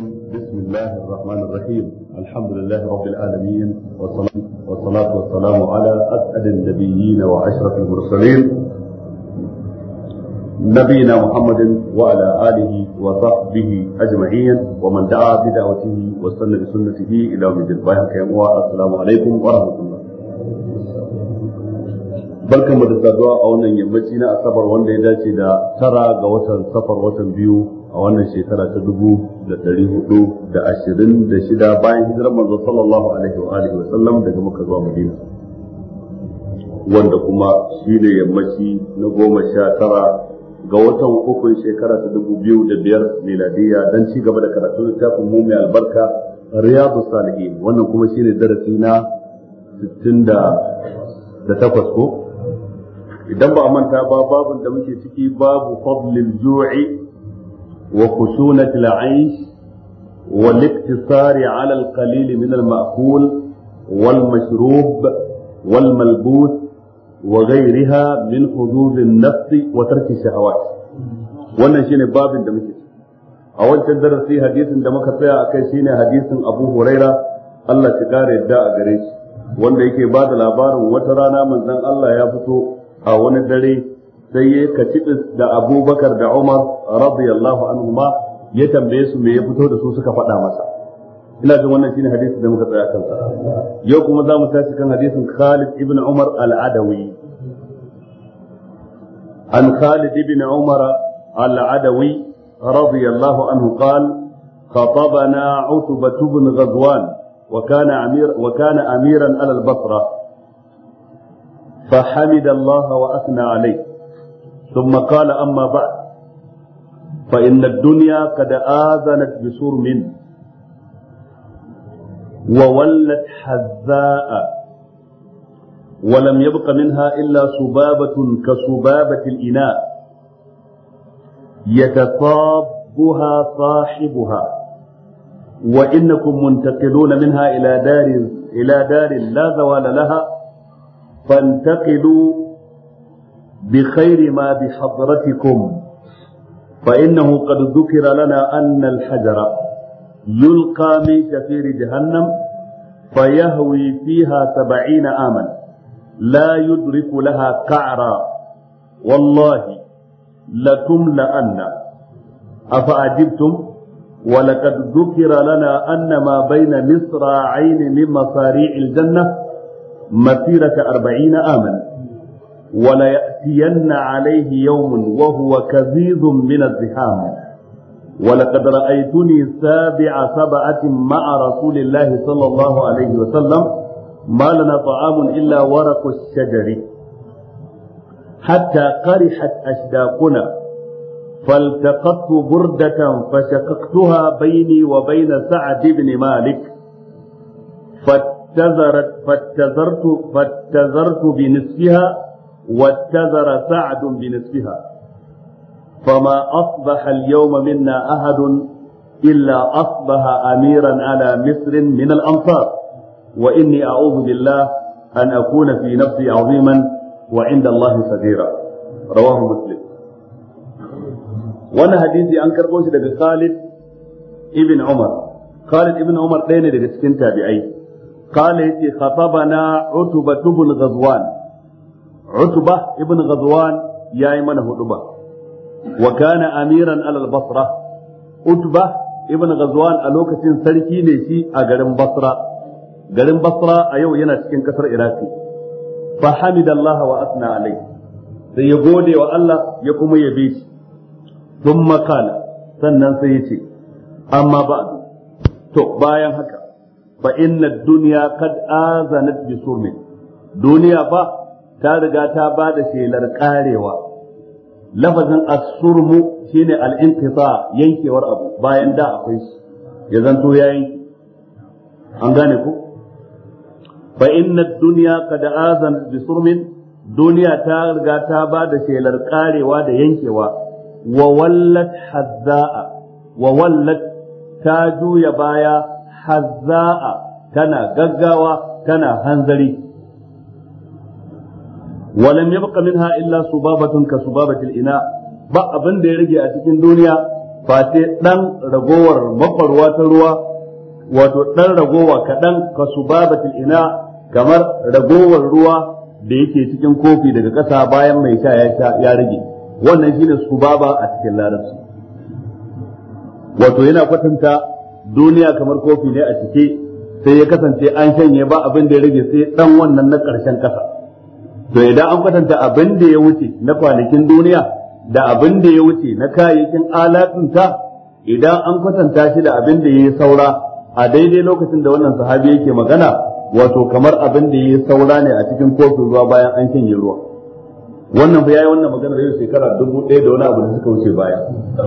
الرجيم بسم الله الرحمن الرحيم الحمد لله رب العالمين والصلاة, والصلاة والسلام على أسعد النبيين وعشرة المرسلين نبينا محمد وعلى آله وصحبه أجمعين ومن دعا بدعوته وسن بسنته إلى يوم الدين السلام عليكم ورحمة الله barkan mu da saduwa a wannan yammaci na asabar wanda ya dace da tara ga watan safar watan biyu a wannan shekara ta dubu da ɗari hudu da ashirin da shida bayan hijirar manzo sallallahu alaihi wa alihi wa sallam daga muka zuwa madina wanda kuma shi ne yammaci na goma sha tara ga watan uku shekara ta dubu biyu da biyar miladiya don ci gaba da karatun littafin mu mai albarka riyadu salihin wannan kuma shine darasi na sittin da takwas ko idan ba manta ba babun da muke ciki babu fadlil zu'i wa khushunati al wa al-iktisari 'ala al-qalil min al-ma'kul wal mashrub wal malbus wa ghayriha min hudud an wa tark ash-shahawat wannan shine babin da muke a wancan darasin hadisin da muka tsaya akai shine hadisin Abu Huraira Allah ya kare yadda a gare wanda yake ba da labarin wata rana manzon Allah ya fito a wani dare sai ya kaci da abubakar da umar radiyallahu anhuma ya tambaye su me ya fito da su suka faɗa masa ina jin wannan shine hadisi da muka tsaya kansa yau kuma za mu tashi kan hadisin Khalid ibn Umar al-Adawi an Khalid ibn Umar al-Adawi radiyallahu anhu qala خطبنا عتبة بن غزوان وكان أمير وكان أميرا على البصرة فحمد الله وأثنى عليه ثم قال أما بعد فإن الدنيا قد آذنت بسرم وولت حذاء ولم يبق منها إلا سبابة كسبابة الإناء يتصابها صاحبها وإنكم منتقلون منها إلى دار إلى دار لا زوال لها فانتقلوا بخير ما بحضرتكم فإنه قد ذكر لنا أن الحجر يلقى من كثير جهنم فيهوي فيها سبعين عاما لا يدرك لها قعرا والله لتملأن أفأجبتم ولقد ذكر لنا أن ما بين مصراعين من مصاريع الجنة مسيرة أربعين عاما وليأتين عليه يوم وهو كزيز من الزحام ولقد رأيتني سابع سبعة مع رسول الله صلى الله عليه وسلم ما لنا طعام إلا ورق الشجر حتى قرحت أشداقنا فالتقطت بردة فشققتها بيني وبين سعد بن مالك فت فاتزرت فاتزرت فاتزرت بنصفها واتزر سعد بنصفها فما أصبح اليوم منا أحد إلا أصبح أميرا على مصر من الأنصار وإني أعوذ بالله أن أكون في نفسي عظيما وعند الله صغيرا رواه مسلم وانا حديثي أنكر قوش خالد ابن عمر خالد ابن عمر ɗaya ne تابعين قال يتي خطبنا عتبة بن غزوان عتبة ابن غزوان يا إيمان هدبة وكان أميرا على البصرة عتبة ابن غزوان ألوكة سركي نيشي أجرم بصرة جرم بصرة أيو ينا cikin kasar Iraki فحمد الله وأثنى عليه sai ya gode wa Allah ya kuma yabe shi sun makala sannan sai ya ce amma ba to bayan haka fa inna dunya qad azanat bi duniya fa ta riga ta ba da shelar karewa lafazin surmu shine al-inqita yankewar abu bayan da akwai shi ya zanto an gane ku fa inna dunya qad azanat duniya ta riga ta ba da shelar da yankewa wa haza'a wawallat ta juya baya hazza'a tana gaggawa tana hanzari walam yabqa minha illa subabatun ka subabatil ina ba abin da ya rage a cikin duniya fa sai dan ragowar mafarwa ta ruwa wato dan ragowa kaɗan ka subabatil ina kamar ragowar ruwa da yake cikin kofi daga ƙasa bayan mai sha ya rage wannan shine subaba a cikin larabci wato yana kwatanta duniya kamar kofi ne a cike sai ya kasance an shanye ba abin da ya rage sai dan wannan na karshen kasa to idan an kwatanta abin da ya wuce na kwanakin duniya da abin da ya wuce na kayayyakin alatunta idan an kwatanta shi da abin da ya yi saura a daidai lokacin da wannan sahabi yake magana wato kamar abin da ya yi saura ne a cikin kofin ruwa bayan an shanye ruwa wannan ba yayi wannan magana da yau shekara dubu ɗaya da wani abu da suka wuce baya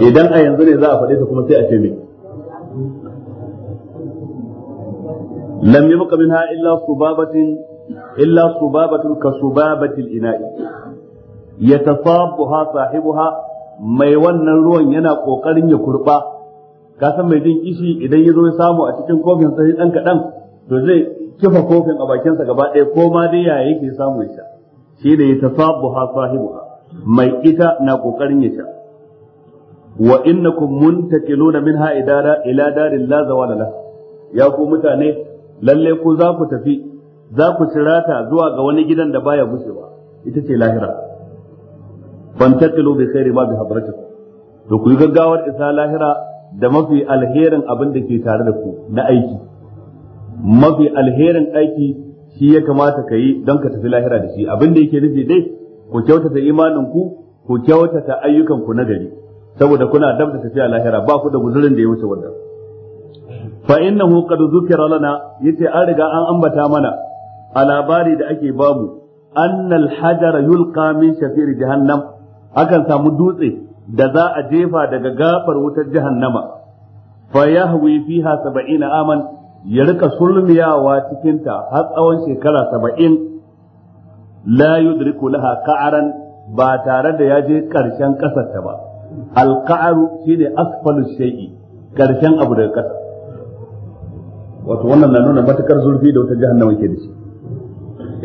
idan a yanzu ne za a faɗe ta kuma sai a ce me lam yabqa minha illa subabatin illa subabatun ka subabatil ina'i yatasabuha sahibuha mai wannan ruwan yana kokarin ya kurba Kasa san mai jin kishi idan ya ya samu a cikin kofin sai dan kadan to zai kifa kofin a bakinsa sa gaba ɗaya ko ma dai yaya yake samu ya sha shi da yatasabuha sahibuha mai ita na kokarin ya sha wa innakum muntakiluna minha idara ila darin la zawala la ya ku mutane lalle ku za ku tafi za ku cirata zuwa ga wani gidan da baya gushewa ita ce lahira Ban tattalo bi khairi ma bi hadratikum to ku yi gaggawar isa lahira da mafi alherin abin da ke tare da ku na aiki mafi alherin aiki shi ya kamata ka yi don ka tafi lahira da shi abin da yake nufi dai ku kyautata imanin ku ku kyautata ayyukanku ku na gari saboda kuna dab da tafiya lahira ba ku da guzurin da ya wuce wannan fa innahu qad zukira lana yace an riga an ambata mana a labari da ake bamu annal hajara yulqa min shafir jahannam akan samu dutse da za a jefa daga gafar wutar jahannama fa yahwi fiha 70 aman ya rika sulmiyawa cikin ta har tsawon shekara 70 la yudriku laha ka'aran ba tare da ya je karshen ta ba al-ka'aru shine asfalu shay'i karshen abu daga kasa wato wannan na nuna matakar zurfi da wata jahannama ke da shi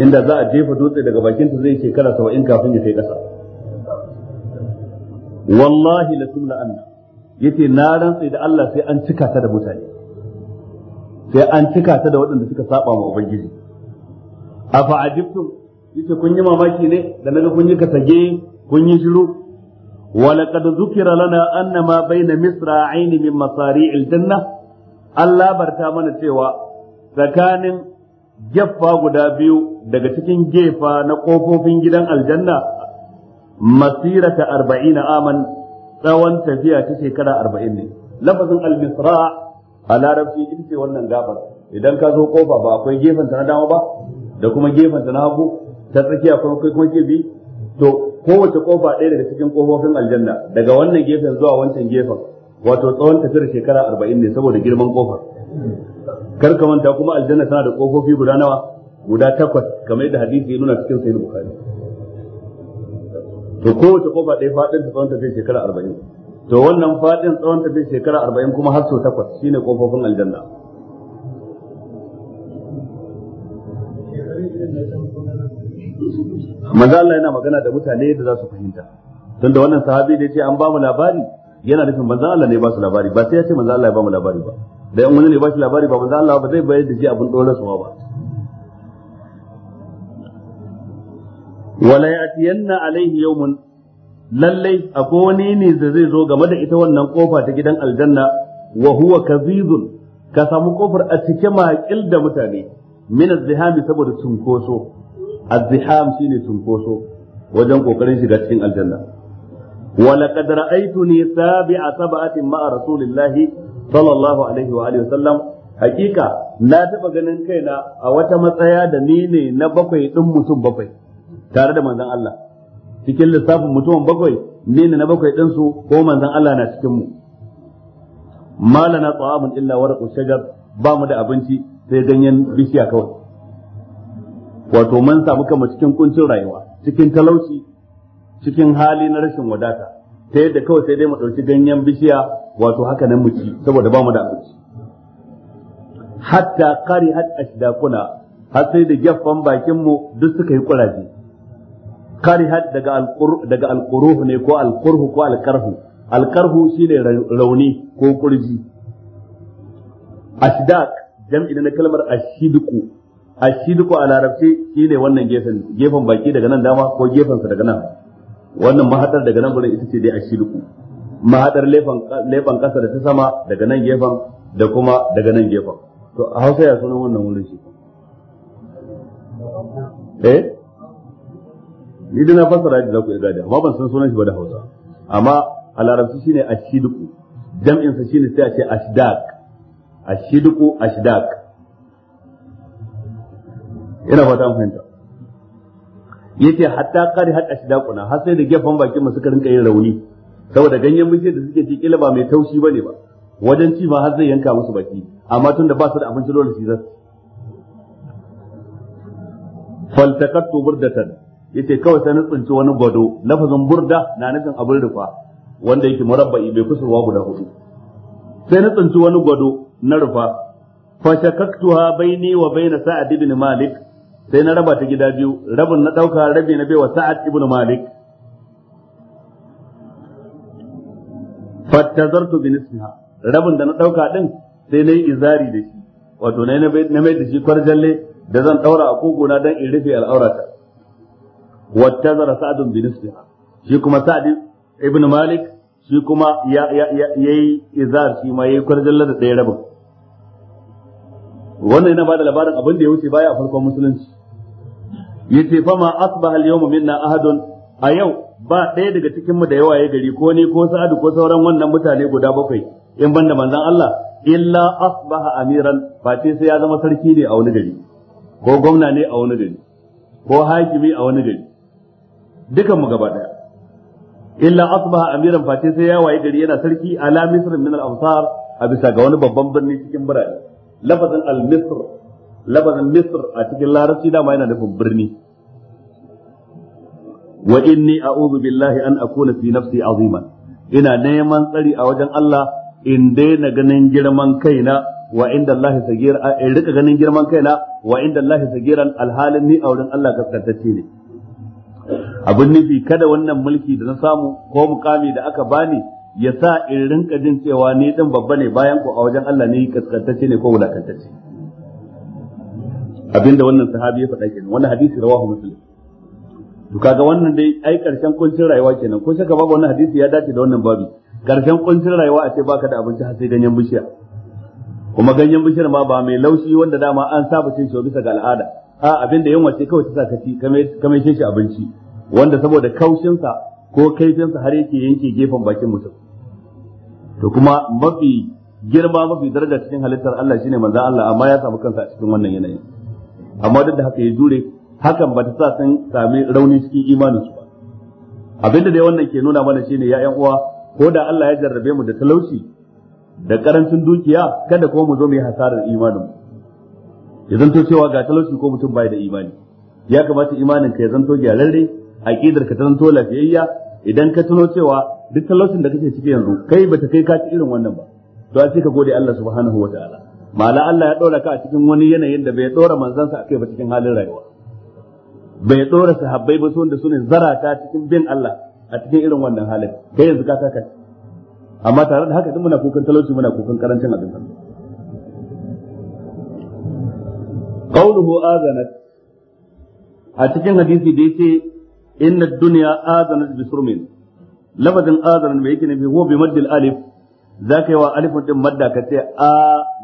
inda za a jefa dutse daga bakinta zai shekara in kafin ya kai ƙasa wallahi la tumla anna yace na rantsa da Allah sai an cika ta da mutane sai an cika ta da waɗanda suka saba ma ubangiji afa ajibtum yace kun yi mamaki ne da naga kun yi kasage kun yi shiru wa laqad zukira lana anna ma baina misra aini min masari'il janna an labarta mana cewa tsakanin jaffa guda biyu daga cikin gefa na kofofin gidan aljanna masirata arba'in aman tsawon tafiya ta shekara arba'in ne lafazin almisra a larabci ita ce wannan gabar idan ka zo kofa ba akwai gefen ta na dama ba da kuma gefen ta na hagu ta tsakiya kai kuma ke bi to kowace kofa ɗaya daga cikin kofofin aljanna daga wannan gefen zuwa wancan gefen wato tsawon tafiyar shekara arba'in ne saboda girman kofar kar ka manta kuma aljanna tana da kofofi guda nawa guda takwas kamar yadda hadisi ya nuna cikin sahih bukhari to kowace kofa ɗaya faɗin ta tsawon tafiyar shekara arba'in to wannan faɗin tsawon tafiyar shekara arba'in kuma har sau takwas shine kofofin aljanna manzo Allah yana magana da mutane da za su fahimta tunda wannan sahabi da ya ce an ba mu labari yana nufin manzan Allah ne ba su labari ba sai ya ce manzan Allah ya ba mu labari ba da yan wani ne ba shi labari ba manzan Allah ba zai bayar da shi abin dole su ba wala ya'tiyanna alaihi yawmun lallai akwai wani ne da zai zo game da ita wannan kofa ta gidan aljanna wa huwa kazizun ka samu kofar a cike maƙil da mutane min azzihami saboda cunkoso azziham shine cunkoso wajen kokarin shiga cikin aljanna ولقد رأيتني سابع سبعة مع رسول الله صلى الله عليه wa sallam? حقيقة na تبقى ganin kaina a wata matsaya da ni ne na bakwai din mutum bakwai tare da manzon Allah cikin lissafin mutumin bakwai ni ne na bakwai din su ko manzon Allah na cikin mu malana ta'amun illa warqu shajar ba mu da abinci sai ganyen bishiya kawai wato mun samu kama cikin kuncin rayuwa cikin talauci cikin hali na rashin wadata ta yadda kawai sai dai mu ɗauki ganyen bishiya wato haka nan mu ci saboda ba mu da abinci hatta kari hat ashdaquna har sai da gaffan bakin mu duk suka yi kuraje kari hat daga alqur daga ne ko alqurhu ko alqarhu alqarhu shine rauni ko kurji ashdaq jam'i na kalmar shidiku, a shidiku a larabci shi wannan gefen baki daga nan dama ko gefen daga nan wannan mahadar daga nan gurin ita ce dai a shirku mahadar lefan kasa da ta sama daga nan gefen da kuma daga nan gefen to a hausa ya sunan wannan wurin shi eh ni dai fasara da za ku gada amma ban san sunan shi ba da hausa amma a larabci shine ashidku jam'in sa shine sai a ce ashdaq ashidku ashdaq ina fata mun fahimta yace hatta qari shi ashdaquna har sai da gefan bakin mu suka rinka yin rauni saboda ganyen bishiyar da suke ci kila ba mai taushi bane ba wajen ci ma har zai yanka musu baki amma tunda ba su da abinci dole su zasu faltaqattu burdatan yace kawai sai na tsinci wani gado lafazin burda na nufin abin rufa wanda yake murabba'i bai kusurwa guda hudu sai na tsinci wani gado na rufa fashakaktuha baini wa baina sa'ad ibn malik sai na raba ta gida biyu rabin na ɗauka rabi na baiwa sa'ad ibn malik fattazartu bi nisfiha rabin da na ɗauka din sai na yi izari da shi wato na na mai da shi kwarjalle da zan ɗaura a kogona don in rufe al'aurata wattazara sa'adun bi nisfiha shi kuma sa'ad ibn malik shi kuma ya yi izar shi ma ya yi kwarjalle da ɗaya rabin wannan yana ba da labarin abin da ya wuce baya a farkon musulunci yace ma asbaha al-yawma minna ahadun a yau ba ɗaya daga cikin mu da yawa ya gari ko ni ko sa'adu ko sauran wannan mutane guda bakwai in banda manzon Allah illa asbaha amiran fa sai ya zama sarki ne a wani gari ko gwamna ne a wani gari ko hakimi a wani gari dukan mu gaba daya illa asbaha amiran fa sai ya waye gari yana sarki ala misr min al-amsar a bisa ga wani babban birni cikin birane lafazin al-misr labarin misr a cikin larabci dama yana nufin birni wa inni a'udhu billahi an akuna fi nafsi aziman ina neman tsari a wajen Allah in daina ganin girman kaina wa inda Allah sagira in rika ganin girman kaina wa inda Allah sagiran alhalin ni a wurin Allah gaskantacce ne abin nufi kada wannan mulki da na samu ko mukami da aka bani ya sa in rinka jin cewa ni din babba ne bayan ko a wajen Allah ne kaskantacce ne ko wulakantacce abinda wannan sahabi ya faɗa kenan wannan hadisi rawahu muslim to kaga wannan dai ai karshen kuncin rayuwa kenan ko shaka babu wannan hadisi ya dace da wannan babu karshen kuncin rayuwa a ce baka da abinci har sai ganyen bishiya kuma ganyen bishiyar ma ba mai laushi wanda dama an saba cin shi bisa ga al'ada a abinda da wace kawai ta saka ci kame shi abinci wanda saboda kaushinsa ko kaifinsa har yake yanke gefen bakin mutum to kuma mafi girma mafi daraja cikin halittar Allah shine manzo Allah amma ya samu kansa a cikin wannan yanayin amma duk da haka ya jure hakan ba ta sa sun sami rauni cikin imanin su ba da dai wannan ke nuna mana shine ya ƴan uwa ko da Allah ya jarrabe mu da talauci da karancin dukiya kada ko mu zo mu yi hasarar imanin mu ya zanto cewa ga talauci ko mutum bai da imani ya kamata imanin ka ya zanto gyararre aqidar ka ta zanto lafiyayya idan ka tuno cewa duk talaucin da kake ciki yanzu kai bata kai ka ci irin wannan ba to a ce ka gode Allah subhanahu wataala mala Allah ya dora ka a cikin wani yanayin da bai dora manzansa a kai ba cikin halin rayuwa bai dora sahabbai ba su wanda zara ta cikin bin Allah a cikin irin wannan halin kai yanzu ka saka amma tare da haka duk muna kukan talauci muna kukan karancin abin nan qauluhu azanat a cikin hadisi da yace inna dunya azanat bi surmin lafazin azanat bai yake ne huwa bi al alif zaka yi wa alifun din madda ka ce a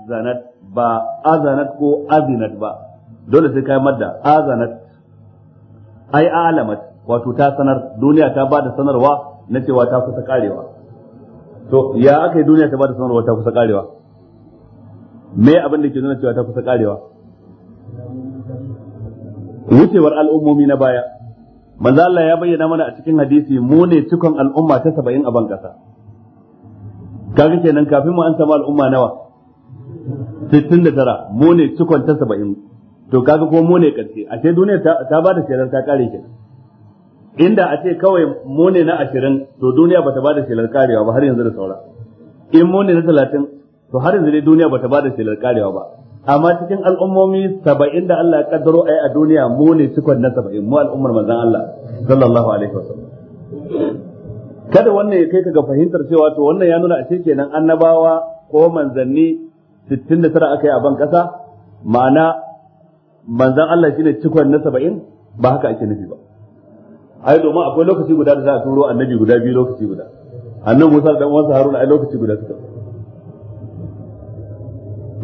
azanat ba azanat ko azinat ba dole sai kai madda azanat ai alamat wato ta sanar duniya ta bada sanarwa na cewa ta kusa karewa to ya aka yi duniya ta bada sanarwa ta kusa karewa me abin da ke nuna cewa ta kusa karewa wucewar al'ummomi na baya manzo Allah ya bayyana mana a cikin hadisi mu ne cikon al'umma ta 70 a ban kasa kaga kenan kafin mu an samu al'umma nawa Sittin tara, mu ne cikon ta saba'in to kaga ko mu ne karshe a ce duniya ta ba da shelar ta kare kenan inda a ce kawai mu ne na ashirin, to duniya ba ta ba da shelar karewa ba har yanzu da saura in mu ne na talatin, to har yanzu dai duniya ba ta ba da shelar karewa ba amma cikin al'ummomi saba'in da Allah ya kaddaro ai a duniya mu ne cikon na saba'in, mu al'ummar manzon Allah sallallahu alaihi wasallam kada wannan ya kai ka ga fahimtar cewa to wannan ya nuna a ce kenan annabawa ko manzanni da tara aka yi a ban kasa ma'ana manzan Allah shine cikon na saba'in, ba haka ake nufi ba ai domin akwai lokaci guda da za a turo annabi guda biyu lokaci guda annabi Musa da uwansa Haruna ai lokaci guda suka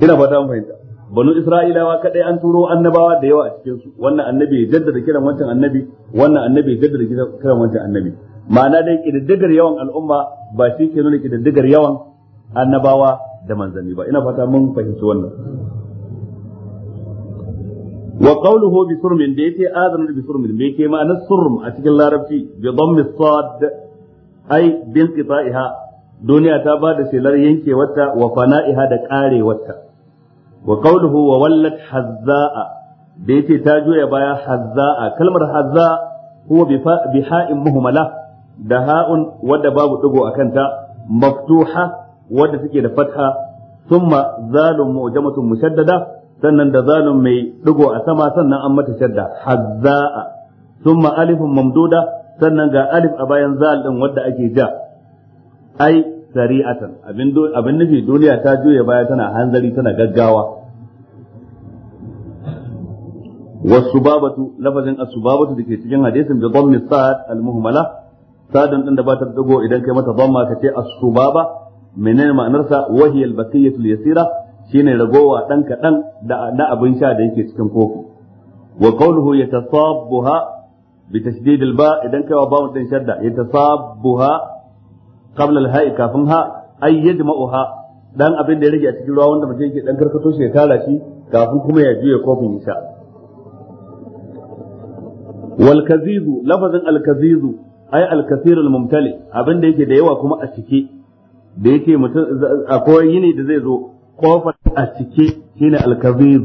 ina fata mun fahimta banu Isra'ilawa kadai an turo annabawa da yawa a cikin su wannan annabi ya jaddada kiran wancan annabi wannan annabi ya jaddada kiran wancan annabi ma'ana dai kididdigar yawan al'umma ba shi ke nuna kididdigar yawan annabawa da manzanni ba ina fata mun fahimci wannan wa qawluhu bi surmin da yake azanu bi surmin me ke ma'anar surm a cikin larabci bi dhammi sad ai bin qita'iha duniya ta ba da shelar wata wa fana'iha da ƙarewata. wa qawluhu wa wallat hazza'a da yake ta juya baya hazza'a kalmar hazza huwa bi ha'in muhmala da ha'un wadda babu digo akan ta maftuha wadda suke da fatha thumma zalun mu'jamatun mushaddada sannan da zalun mai digo a sama sannan an mata shadda hazza'a thumma alifun mamduda sannan ga alif a bayan zal din wadda ake ja ai sari'atan abin abin nufi duniya ta juya baya tana hanzari tana gaggawa والسبابة لفظ السبابة دكي تجن حديث بضم الصاد da dago idan kai mata اذا ka ce كتي asubaba menene ma'anarsa wahiyal baqiyatul yasira shine ragowa dan kadan da na abin sha da yake cikin kofi wa qawluhu yatasabbuha bi tashdid al ba idan kai wa ba mutum shadda yatasabbuha qabla al ha'i kafin ha ay yajma'uha dan abin da ya rage a cikin ruwa wanda mutum yake dan karkato shi ya tara shi kafin kuma ya juya kofin ya sha wal kazizu lafazin al kazizu ay al mumtali abin da yake da yawa kuma a cike da yake mutum akwai yini da zai zo kofar a cike shine al-kabiz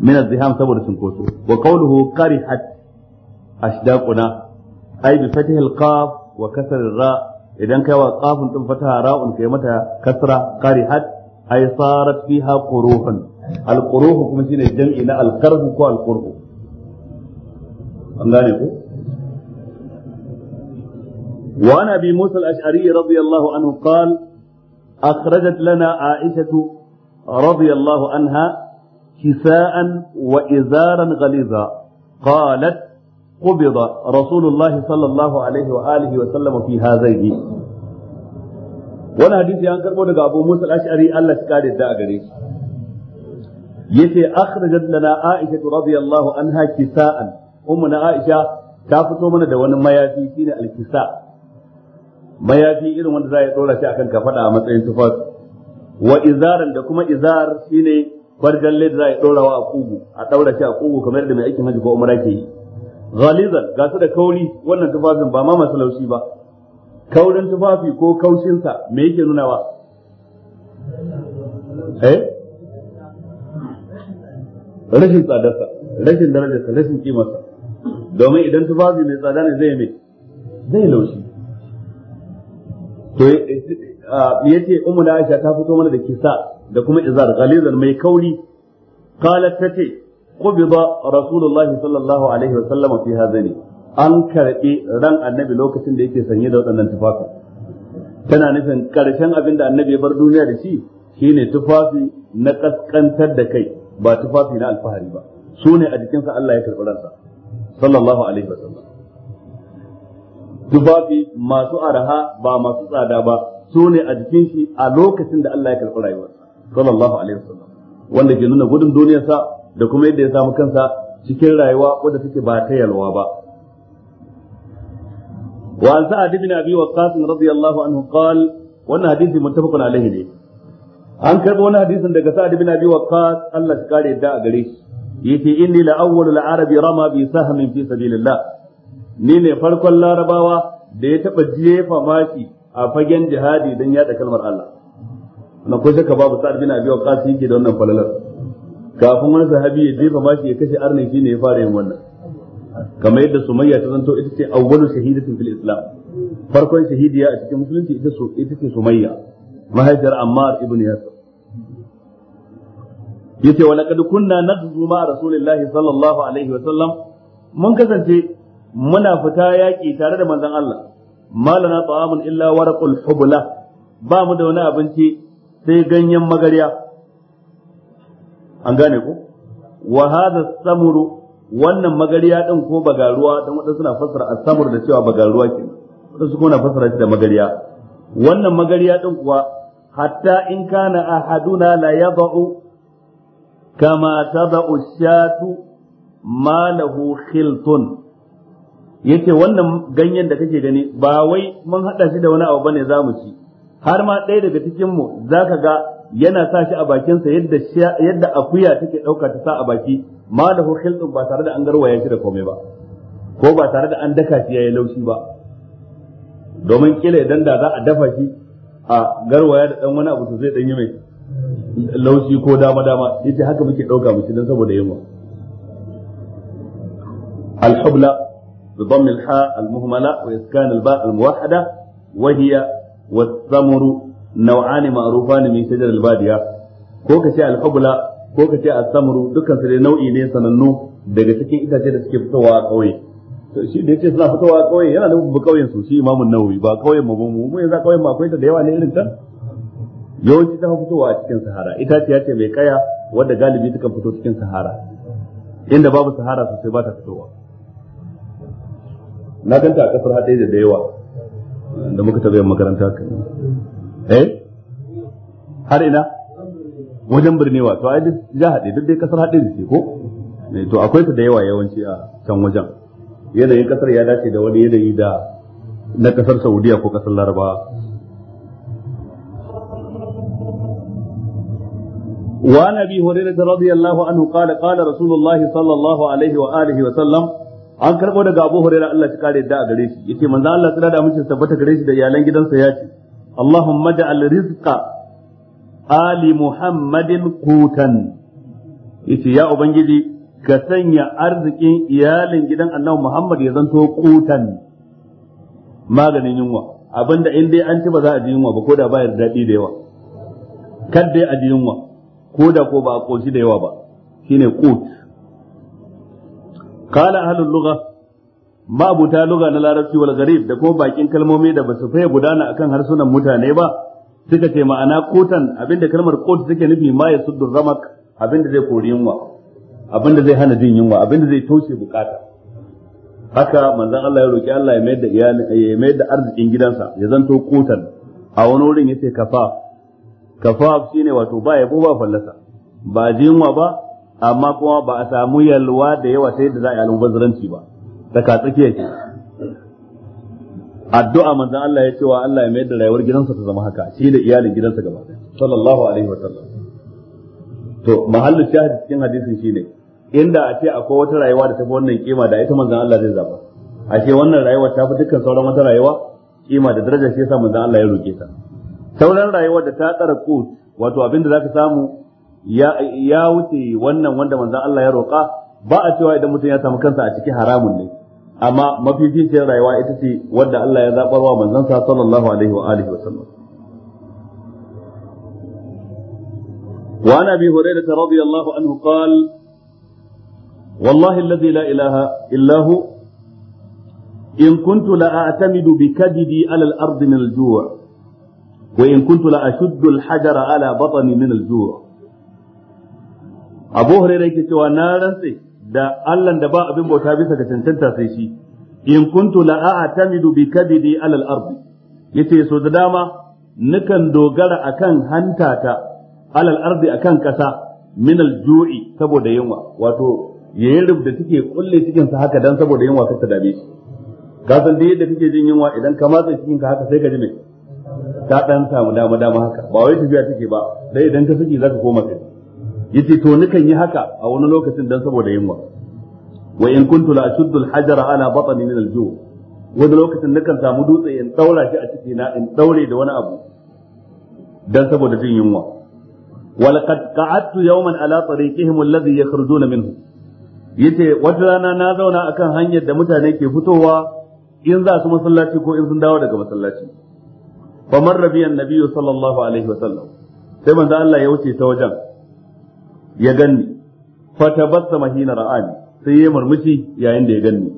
min azham ziham saboda cinkoso wa qawluhu qarihat ashdaquna ay bi fatih alqaf wa kasr ra idan kai wa qafun din fataha ra'un kai mata kasra qarihat ay sarat fiha quruhun alquruhu kuma shine jam'i na al ko alqurhu an gane ko وعن ابي موسى الاشعري رضي الله عنه قال اخرجت لنا عائشه رضي الله عنها كساء وازارا غليظا قالت قبض رسول الله صلى الله عليه واله وسلم في هذين wani hadisi an karbo daga Abu Musa al-Ash'ari Allah ya kare da a gare shi yace akhrajat lana Aisha radiyallahu anha kisa'an ummu na Aisha ta fito mana da wani mayafi shine al-kisa' mayafi irin wanda za a yi tsora shi akan kafada a matsayin tufafi wa izaran da kuma izar shine farjalle da za a yi dorawa a kugu a daura shi a kugu kamar da mai aikin hajji ko umara ke yi ghalizan ga su da kauri wannan tufafin ba ma masu laushi ba kaurin tufafi ko kaushinsa me yake nunawa eh rashin tsadarsa rashin darajarsa rashin kimarsa domin idan tufafi mai tsada ne zai mai zai laushi to eh, eh, ah, yace ummu na Aisha ta fito mana da kisa da kuma izar ghalizan mai kauri qalat tace qubida rasulullahi sallallahu alaihi wa sallam fi hazani an karbi ran annabi lokacin da yake sanye da waɗannan tufafi tana nufin karshen abin da annabi ya bar duniya da shi shine tufafi na kaskantar da kai ba tufafi na alfahari ba su ne a jikinsa Allah ya karɓi ransa sallallahu alaihi wa sallam tufafi masu araha ba masu tsada ba su ne a jikin shi a lokacin da Allah ya karɓi rayuwarsa sallallahu alaihi wasallam wanda ke nuna gudun duniyarsa da kuma yadda ya samu kansa cikin rayuwa wadda take ba ta yalwa ba وعن سعد بن ابي وقاص رضي الله عنه قال وانا حديث متفق عليه ne an karɓi wani hadisin daga sa'ad bin abi waqqas Allah ya kare da a gare shi yace inni la awwalu al-arabi rama bi sahmin fi sabilillah ni ne farkon larabawa da ya taɓa jefa maki a fagen jihadi don yaɗa kalmar Allah na ko shakka babu sa'ad bin abi waqas yake da wannan falalar kafin wani sahabi ya jefa maki ya kashe arnin ne ya fara yin wannan kamar yadda sumayya ta zanto ita ce awwalu shahidatin fil islam farkon shahidiya a cikin musulunci ita so ita ce sumayya mahaifiyar ammar ibn yasir yace wa laqad kunna nadzu ma rasulillahi sallallahu alaihi wa sallam mun kasance muna fita yaƙi tare da manzon Allah malana ta'amun illa warqul hubla ba mu da wani abinci sai ganyen magarya an gane ko wa hadha samuru wannan magarya din ko bagaruwa dan wadansu suna fassara as-samur da cewa bagaruwa ke wadansu kuma na fassara shi da magarya wannan magarya din kuwa hatta in kana ahaduna la yad'u kama tad'u shatu malahu khiltun yace wannan ganyen da kake gani ba wai mun hada shi da wani abu bane zamu ci har ma ɗaya daga cikin mu zaka ga yana sa shi a bakinsa yadda yadda akuya take dauka ta sa a baki ma da khilqun ba tare da an garwaya shi da komai ba ko ba tare da an daka shi yayi laushi ba domin kila idan da za a dafa shi a garwaya da dan wani abu to zai dan yi mai laushi ko dama dama yace haka muke dauka mu dan saboda yunwa al-hubla بضم الحاء المهملة وإسكان الباء الموحدة وهي والثمر نوعان معروفان من شجر البادية كوكتي الحبلة كوكتي الثمر دكان سري نوعي ne sanannu daga cikin itace da suke fitowa a ƙauye to shi da yake suna fitowa a ƙauye yana nufin ba ƙauyen su shi Imam Nawawi ba ƙauyen mu mu mu yanzu ƙauyen mu akwai ta da yawa ne irin ta yawanci ta fitowa a cikin sahara itaciya ce mai kaya wadda galibi takan fito cikin sahara inda babu sahara sosai ba ta fitowa na ganta a kasar hadeja da yawa da muka taɓa yin makaranta kan eh har ina wajen birni to ai duk ja haɗe duk dai kasar hadeja ce ko eh, to akwai ta da yawa yawanci a can wajen yanayin kasar ya dace da wani yanayi da na kasar saudiya ko kasar Laraba وعن ابي هريره رضي الله عنه قال قال رسول الله صلى الله عليه واله وسلم an karbo daga Abu Hurairah Allah shi kare da a gare shi yake manzo Allah tsira da amince tabbata gare shi da iyalan gidansa ya ce Allahumma ja'al rizqa ali Muhammadin qutan yace ya ubangiji ka sanya arzikin iyalin gidan Annabi Muhammad ya zanto kutan. maganin yunwa abinda in dai an ci ba za a ji yunwa ba ko da ba daɗi da yawa Kan dai a ji yunwa ko da ko ba a koshi da yawa ba shine kutan kala ahlul lugha ma'abuta lugha na larabci wal gharib da kuma bakin kalmomi da basu faye gudana akan harsunan mutane ba suka ce ma'ana kotan abinda kalmar kot take nufi ma ya suddu ramak abinda zai kori yunwa abinda zai hana jin yunwa abinda zai toshe bukata haka manzon Allah ya roki Allah ya mayar da ya mayar da arzikin gidansa ya zanto kotan a wani wurin yace kafa kafa shine wato ba yabo ba fallasa ba jinwa ba amma kuma ba a samu yalwa da yawa ta yadda za a yi almubazzaranci ba daga tsakiya ke addu'a manzan Allah ya cewa Allah ya mayar da rayuwar gidansa ta zama haka shi da iyalin gidansa gaba sallallahu alaihi wa sallam to mahallu shahid cikin hadisin shine inda a ce akwai wata rayuwa da ta fi wannan kima da ita manzan Allah zai zaba ashe wannan rayuwar ta fi dukkan sauran wata rayuwa kima da daraja shi yasa manzan Allah ya roke ta sauran rayuwar da ta tsara kut wato abin da zaka samu ya wuce wannan wanda manzon Allah ya roƙa ba a cewa idan mutum ya samu kansa a cikin haramun ne amma mafificiyar rayuwa ita ce wanda Allah ya zabar wa manzon sa sallallahu alaihi wa alihi wa sallam wa ana bi hurairah radiyallahu anhu qal wallahi alladhi la ilaha illa hu in kuntu la a'tamidu bi kadidi ala al-ardi min al-ju' wa in kuntu la ashuddu al-hajara ala batni min al-ju' abu hurairah yake cewa na rantse da Allah da ba abin bauta bisa ga cancanta sai shi in kuntu la a'tamidu bi kadidi ala al-ard yace so da dama nukan dogara akan hantata ala al-ard akan kasa min al-ju'i saboda yunwa wato yayin da take kulle cikin sa haka dan saboda yunwa ta dame shi ka san da yadda take jin yunwa idan ka matsa cikin ka haka sai ka ji me ta dan samu dama dama haka ba wai tafiya take ba dai idan ka saki zaka koma kai yace to nukan yi haka a wani lokacin dan saboda yunwa wa in kuntu la ashuddu al-hajara ala batni min al-ju' wani lokacin nukan samu dutse in daura shi a ciki na in daure da wani abu dan saboda jin yunwa wa laqad qa'adtu yawman ala tariqihim alladhi yakhrujuna minhu yace wata rana na zauna akan hanyar da mutane ke fitowa in za su masallaci ko in sun dawo daga masallaci fa marra biyan nabiyyu sallallahu alaihi wasallam sai manzo Allah ya wuce ta wajen ya ganni fatabassama hina ra'ani sai yayi murmushi yayin da ya ganni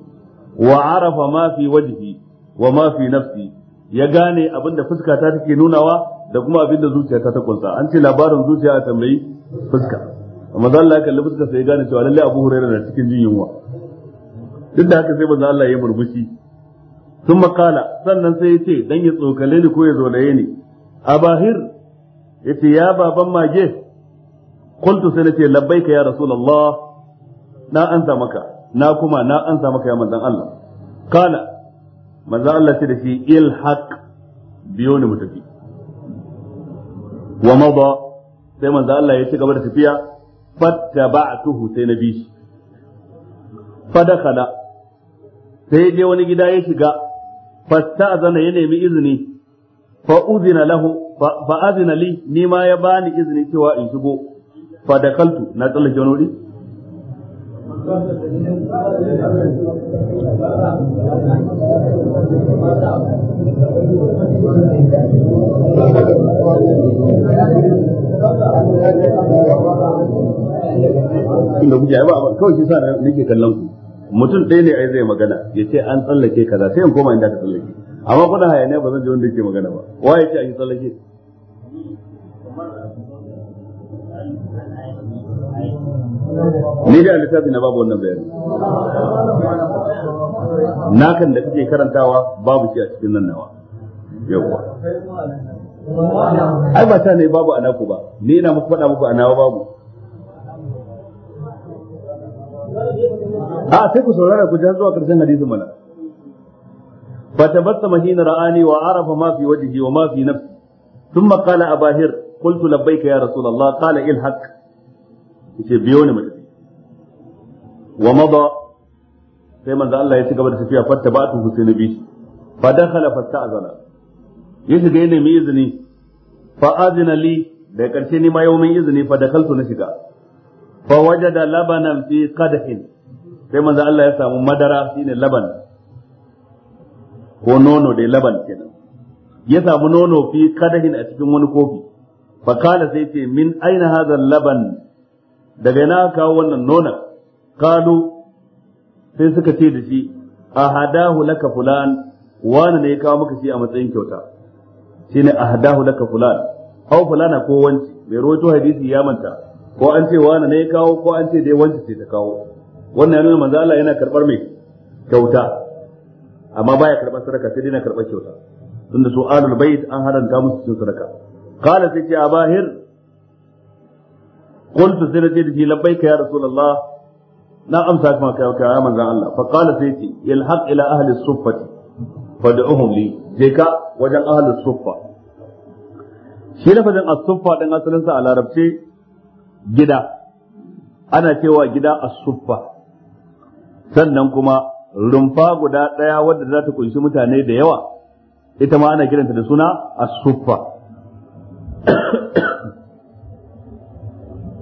wa arafa ma fi wajhi wa ma fi nafsi ya gane abinda fuskata take nunawa da kuma abinda zuciyata ta kunsa an ce labarin zuciya a tambayi fuska amma Allah ya kalli fuska sai ya gane cewa lalle Abu Hurairah na cikin jin yunwa duk da haka sai manzo Allah ya murmushi sun makala sannan sai ya ce dan ya tsokale ni ko ya zolaye ni abahir ya ce ya baban mage qultu sai nace labbaika ya rasulullah na ansa maka na kuma na ansa maka ya manzon Allah kana manzon Allah ce da shi ilhaq biyo ne mu tafi wa mada sai manzon Allah ya ci gaba da tafiya fattaba'tuhu sai na bi shi fadakala sai je wani gida ya shiga fasta'zana ya nemi izini fa uzina lahu fa azina li ni ma ya bani izini cewa in shigo fa na tsallake wani wuri inda kuke ai ba kawai shi sa nake kallon ku mutum ɗaya ne ai zai magana ya ce an tsallake kaza sai in koma inda ka tsallake amma kuna hayaniya ba zan ji wanda yake magana ba wa ya ce a yi tsallake ni da littafi na babu wannan bayani na kan da kake karantawa babu shi a cikin nan nawa yawa ai ba ta ne babu anaku ba ni ina muku faɗa muku anawa babu a ah, sai ku saurara ku jan zuwa karshen hadisin mana فتبسم حين رآني وعرف ما في وجهي وما في نفسي ثم قال أبا هر قلت لبيك يا رسول الله قال الحق yace biyo ne mata wa mada sai manzo Allah ya ci gaba da tafiya fatta ba tun sai nabi fa dakhala fasta'zana ya shiga yana mai izini fa azina li da karshe ni ma yawmin izini fa dakaltu na shiga fa wajada labanan fi qadhin sai manzo Allah ya samu madara shine laban ko nono dai laban kenan ya samu nono fi kadahin a cikin wani kofi fa kala sai ce min aina hadha laban daga yana kawo wannan nonan kalu sai suka ce da shi ahadahu laka fulan wani ne ya kawo maka shi a matsayin kyauta shine ahadahu laka fulan aw fulana ko wanci mai rawaito hadisi ya manta ko an ce wani ne ya kawo ko an ce dai wanci ce ta kawo wannan ya nuna manzo Allah yana karbar mai kyauta amma baya karbar sadaka sai dai na karbar kyauta tunda su alul bait an haranta musu cin sadaka qala sai ce abahir qultu sai nace da shi labbaika ya rasulullah na amsa kuma kai kai ya manzon Allah fa qala sai ce ilhaq ila ahli suffati fad'uhum li je ka wajen ahli suffa shi lafazin as-suffa din asalin sa a larabce gida ana cewa gida as sannan kuma rumfa guda ɗaya wadda zata ƙunshi mutane da yawa ita ma ana gidanta da suna as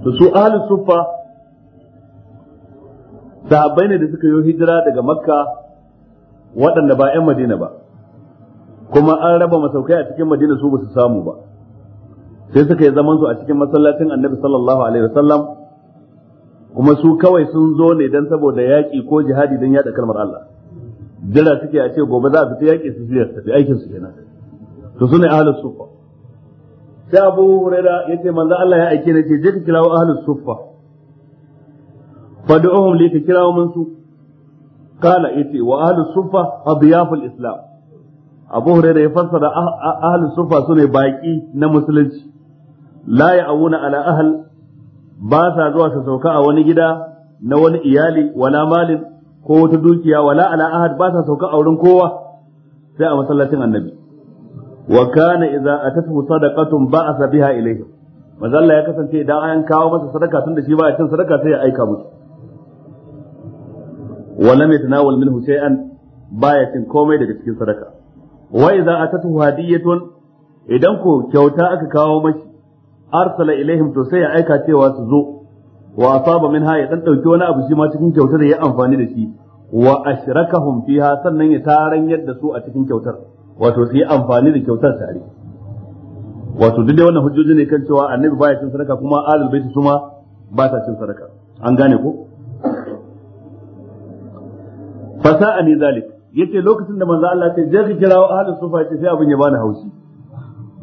da su ahlus suffa sahabbai ne da suka yi hijira daga makka waɗanda ba 'yan madina ba kuma an raba masaukai a cikin madina su ba su samu ba sai suka yi zamansu a cikin masallacin annabi sallallahu alaihi wasallam kuma su kawai sun zo ne don saboda yaƙi ko jihadi don yaɗa kalmar Allah jira suke a ce gobe za a fita yaƙi su ziyarta, tafi aikin su kenan to su ne ahlus sufa sai abu ya yace manzo Allah ya aike ne ce je ka kirawo ahlus suffa fad'uhum li ka kirawo mun su kala yace wa ahlus suffa adiyaful islam abu huraira ya fassara ah, ah, ahlus suffa sune baki na musulunci la ya'awuna ala ahl ba sa zuwa su sauka a wani gida na wani iyali wala malin ko wata dukiya wala ala ahad ba sa sauka a wurin kowa sai a masallacin annabi wa kana idza atatuhu sadaqatun ba'atha biha ilayhi manzo Allah ya kasance idan an kawo masa sadaka tun da shi ba ya cin sadaka sai ya aika musu wa lam yatanawal minhu shay'an baya cin komai daga cikin sadaka wa idza atatuhu hadiyatun idan ko kyauta aka kawo mashi arsala ilaihim to sai ya aika cewa su zo wa asaba minha ya dan dauki wani abu shi ma cikin kyautar ya amfani da shi wa ashrakahum fiha sannan ya taran yadda su a cikin kyautar wato su yi amfani da kyautar tare wato duk da wannan hujjoji ne kan cewa annabi baya cin sadaka kuma alul baiti su ma ba sa cin sadaka an gane ko ani zalik yace lokacin da manzo Allah ya je kirawo ahlus sufa yace sai abin ya bani haushi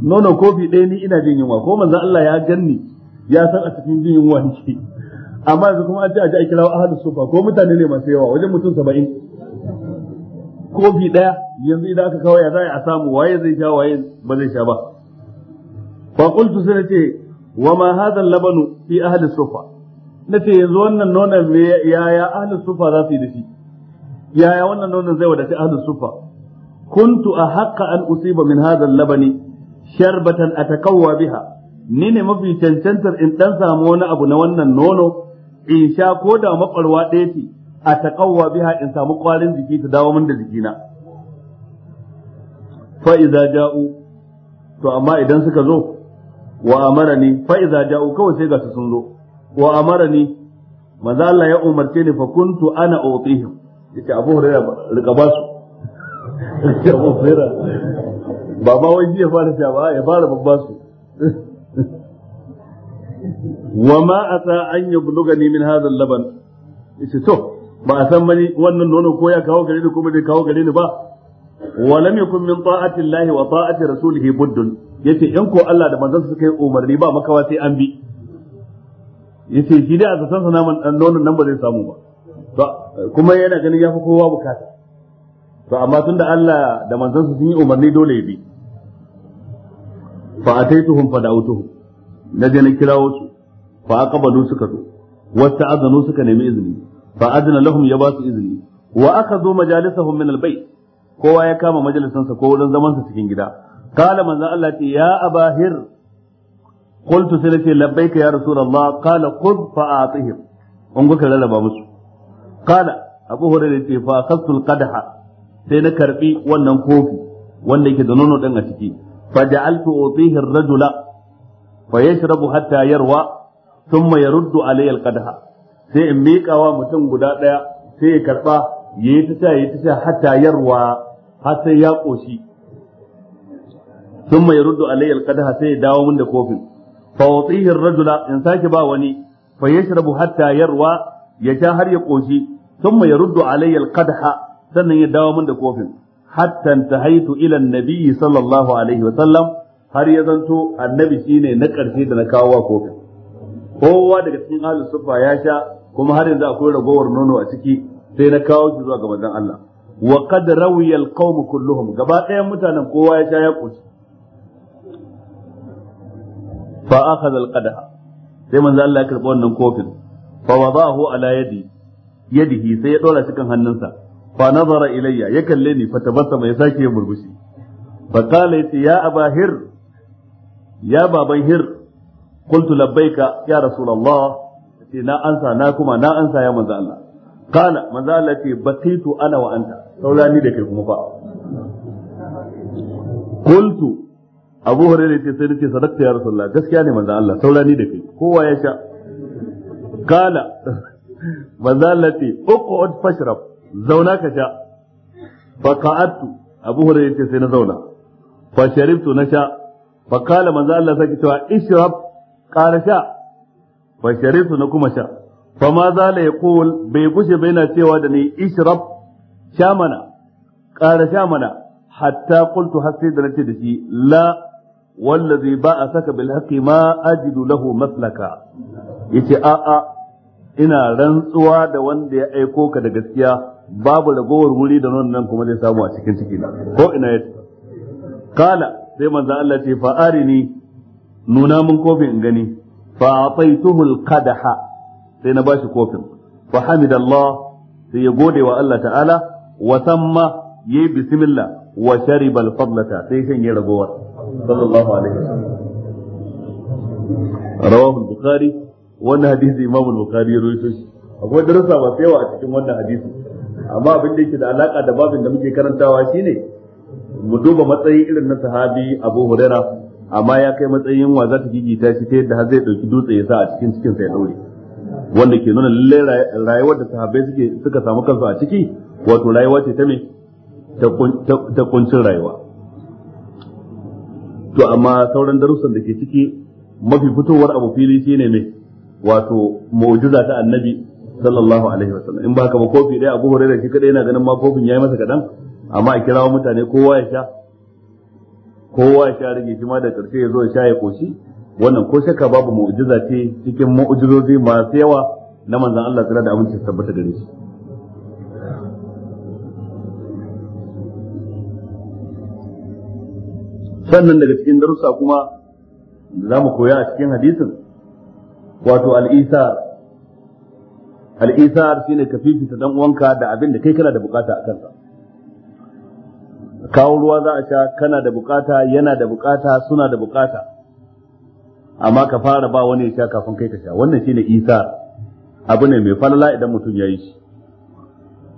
nono kofi ɗaya ni ina jin yunwa ko manzo Allah ya ganni ya san a cikin jin yunwa ne amma yanzu kuma an ce a ji a kirawo ahlus sufa ko mutane ne masu yawa wajen mutum 70 kofi ɗaya, yanzu idan aka kawo ya za a samu waye zai sha waye ba zai sha ba fa qultu sai nace wa ma hadha labanu fi ahli sufa nace yanzu wannan nonon me yaya ahli sufa za su yi da shi yaya wannan nonon zai wadace ahli sufa kuntu ahqqa an usiba min hadha labani sharbatan atakawwa biha ni ne mafi cancantar in dan samu wani abu na wannan nono in sha ko da makwarwa ɗaya ce a taqawwa biha in samu kwarin jiki ta dawo min da jikina fa idza ja'u to amma idan suka zo wa amarani fa idza ja'u kawai sai ga su sun zo wa amarani manzo Allah ya umarce ni fa kuntu ana utihim yace Abu Hurairah rika ba su Abu Hurairah ba wai ya fara ba ya fara babba su wa ma ata an yablugani min hadha al-laban yace to ba a san mani wannan nono ko ya kawo gare ni ko bai kawo gare ni ba wa lam yakun min ta'ati llahi wa ta'ati rasulihi buddun yace in ko Allah da manzon suka yi umarni ba makawa sai an bi yace shi dai a zaton sana man eh, nonon nan ba zai samu ba kuma yana ganin yafi kowa bukata to amma tunda Allah da su sun yi umarni dole ya bi fa ataituhum fa da'utuhum na je na kirawo su fa aqbalu suka zo wasta'azanu suka nemi izini fa adna lahum ya ba su izini wa akhadhu majalisahum min albayt kowa ya kama majalisansa ko wurin zaman sa cikin gida qala manzo Allah ce ya abahir qultu sai ce labbaika ya rasulullah qala khudh fa atihim an guka rarraba musu qala abu hurairah ce fa akhadtu alqadha sai na karɓi wannan kofi wanda yake da nono din a ciki fa ja'altu utihi ar-rajula fa yashrabu hatta yarwa thumma yaruddu alayya alqadha sai in miƙa wa mutum guda ɗaya sai ya karɓa ya yi ta sha ya yi ta sha hatta yarwa har sai ya ƙoshi sun mai ruddu alayya alqadaha sai ya dawo min da kofin fa rajula in sake ba wani fa ya shirabu hata yarwa ya sha har ya ƙoshi sun mai ruddu alayya alqadaha sannan ya dawo min da kofin hatta tahaitu haitu ilan nabi sallallahu alaihi wa sallam har ya zanto annabi shine na ƙarshe da na kawo wa kofin kowa daga cikin ahlus sufa ya sha kuma har yanzu akwai ragowar nono a ciki sai na kawo shi zuwa ga manzon Allah wa qad rawiya alqawm kulluhum gaba ɗayan mutanen kowa ya sha ya kuci fa akhadha alqadha sai manzon Allah ya karbi wannan kofin fa wadahu ala yadi yadihi sai ya dora cikin hannunsa fa nazara ilayya ya kalle ni fa tabassama ya sake murmushi fa qala ya aba ya baban hir qultu ka ya rasulullah sai na ansa na kuma na ansa ya manzo Allah kana manzo Allah ce baqitu ana wa anta saurani da kai kuma fa qultu Abu Hurairah ce sai nace sadaqta ya gaskiya ne manzo Allah saurani da kai kowa ya sha kana manzo Allah ce uqud fashrab zauna ka sha fa qa'adtu Abu na zauna fa na sha fa kala Allah qala sha fa sharitu na kuma sha fa ma zala yaqul bai gushe bai na cewa da ni ishrab sha mana qala sha mana hatta qultu hasi da ce da shi la wallazi ba'athaka bil haqqi ma ajidu lahu maslaka yace a a ina rantsuwa da wanda ya aiko ka da gaskiya babu ragowar wuri da nan kuma zai samu a cikin ciki ko ina ya kala sai manzo Allah ce fa arini nuna mun kofin in gani fa ataituhu alqadha sai na bashi kofin fa hamidallah sai ya gode wa Allah ta'ala wa samma yi bismillah wa shariba alfadlata sai shan ya ragowar sallallahu alaihi wasallam rawahu al-bukhari wannan hadisi imam al-bukhari ya rawaito shi akwai darussa masu a cikin wannan hadisi amma abin da yake da alaka da babin da muke karantawa shine mu duba matsayi irin na sahabi Abu Hurairah amma ya kai matsayin wa za ta gigita shi ta yadda har zai dauki dutse ya sa a cikin cikin sai daure wanda ke nuna lalle rayuwar da sahabbai suke suka samu kansu a ciki wato rayuwa ce ta me ta kuncin rayuwa to amma sauran darussan da ke ciki mafi fitowar abu fili shine me wato mu'jiza ta annabi sallallahu alaihi wasallam in ba ka ba kofi dai abu hurairah shi kadai yana ganin ma kofin yayi masa kadan amma a kirawo mutane kowa ya sha kowa ya sha rage shi ma da karshe ya zo ya sha ya koshi wannan ko shakka babu mu'jiza ce cikin mu'jizozi masu yawa na manzon Allah tsira da aminci tabbata gare shi sannan daga cikin darussa kuma da za mu koya a cikin hadisin wato al'isar al'isar shine ka fifita dan uwanka da abin da kai kana da bukata a kansa kawo ruwa za a sha kana da bukata yana da bukata suna da bukata amma ka fara ba wani ya sha kafin kai ka sha wannan shine isa abu ne mai falala idan mutum ya yi shi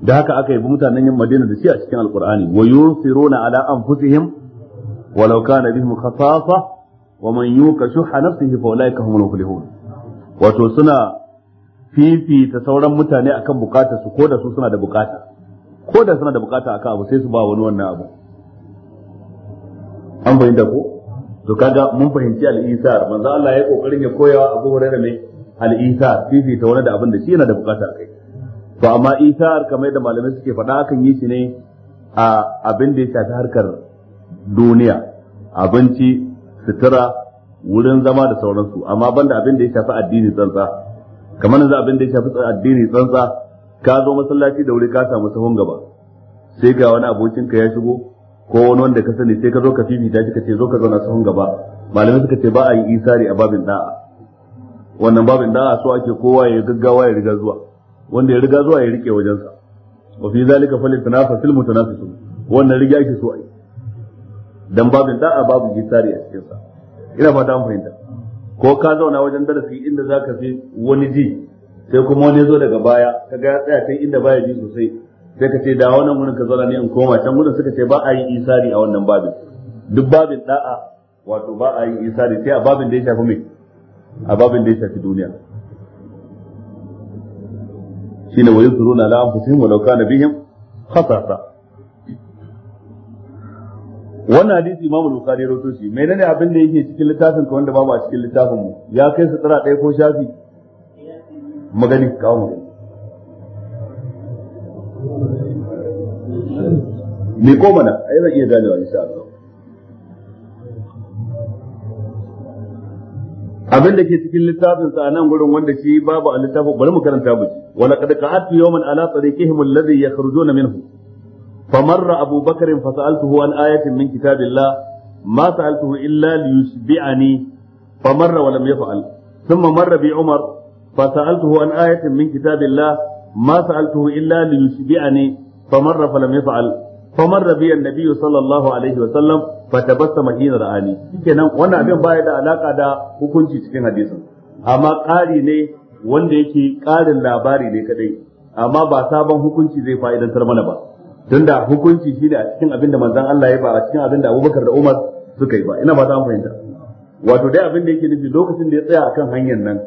da haka aka yi mutanen yin madina da shi a cikin alkur'ani wa yusiruna ala anfusihim walau kana bihim khasafa wa man yuka shuha nafsihi fa ulaika humul muflihun wato suna fifita sauran mutane akan bukatarsu ko da su suna da bukata ko da suna da bukata akan abu sai su ba wani wannan abu an bayyana ko to kaga mun fahimci al isa manzo Allah ya kokarin ya koyawa Abu Hurairah mai al isa fifi ta wani da abin da shi yana da bukata kai to amma isar kamar da malamai suke faɗa akan yi shi ne a abin da ya shafi harkar duniya abinci sutura wurin zama da sauransu amma banda abin da ya shafi addini tsantsa kamar yanzu abin da ya shafi addini tsantsa ka zo masallaci da wuri ka samu sahun gaba sai ga wani abokin ka ya shigo ko wani wanda ka sani sai ka zo ka fifita shi ka ce zo ka zauna sahun gaba malamai suka ce ba a yi isari a babin da'a wannan babin da'a so ake kowa ya gaggawa ya riga zuwa wanda ya riga zuwa ya rike wajensa wa fi zalika tanafa fil mutanafisun wannan riga yake so ai dan babin da'a babu isari a cikin sa ina fata an fahimta ko ka zauna wajen darasi inda zaka fi wani ji sai kuma wani zo daga baya kaga ya tsaya kai inda baya ji sosai sai ka ce da wannan gurin ka zauna ne in koma can gurin suka ce ba a yi isari a wannan babin duk babin da'a wato ba a yi isari sai a babin da ya shafi mai a babin da ya shafi duniya shine wa yusruna ala mu lauka na bihim hasasa wannan hadisi imam bukhari ya rawaito shi menene abin da yake cikin littafin ka wanda babu a cikin littafin mu ya kai su tsara ɗaya ko shafi magani kawo magani me ko mana ai zan iya ganewa insha Allah abin da ke cikin littafin sa nan gurin wanda shi babu a littafin bari mu karanta mu wala qad qa'atu yawman ala tariqihim alladhi yakhrujuna minhu famarra abu bakr fa sa'altuhu an ayatin min kitabillah ما سألته إلا ليشبعني فمر ولم يفعل ثم مر بعمر fa sa'altuhu an ayatin min kitabillah ma sa'altuhu illa li yushbi'ani famarra falam yaf'al famarra bi annabi sallallahu alaihi wa sallam fatabassama hina ra'ani kenan wannan abin baya da alaka da hukunci cikin hadisin amma ƙari ne wanda yake ƙarin labari ne kadai amma ba sabon hukunci zai fa'idantar mana ba tunda hukunci a cikin abin da manzon Allah ya ba a cikin abin da Abubakar da Umar suka yi ba ina ba ta fahimta wato dai abin da yake nufi lokacin da ya tsaya akan hanyar nan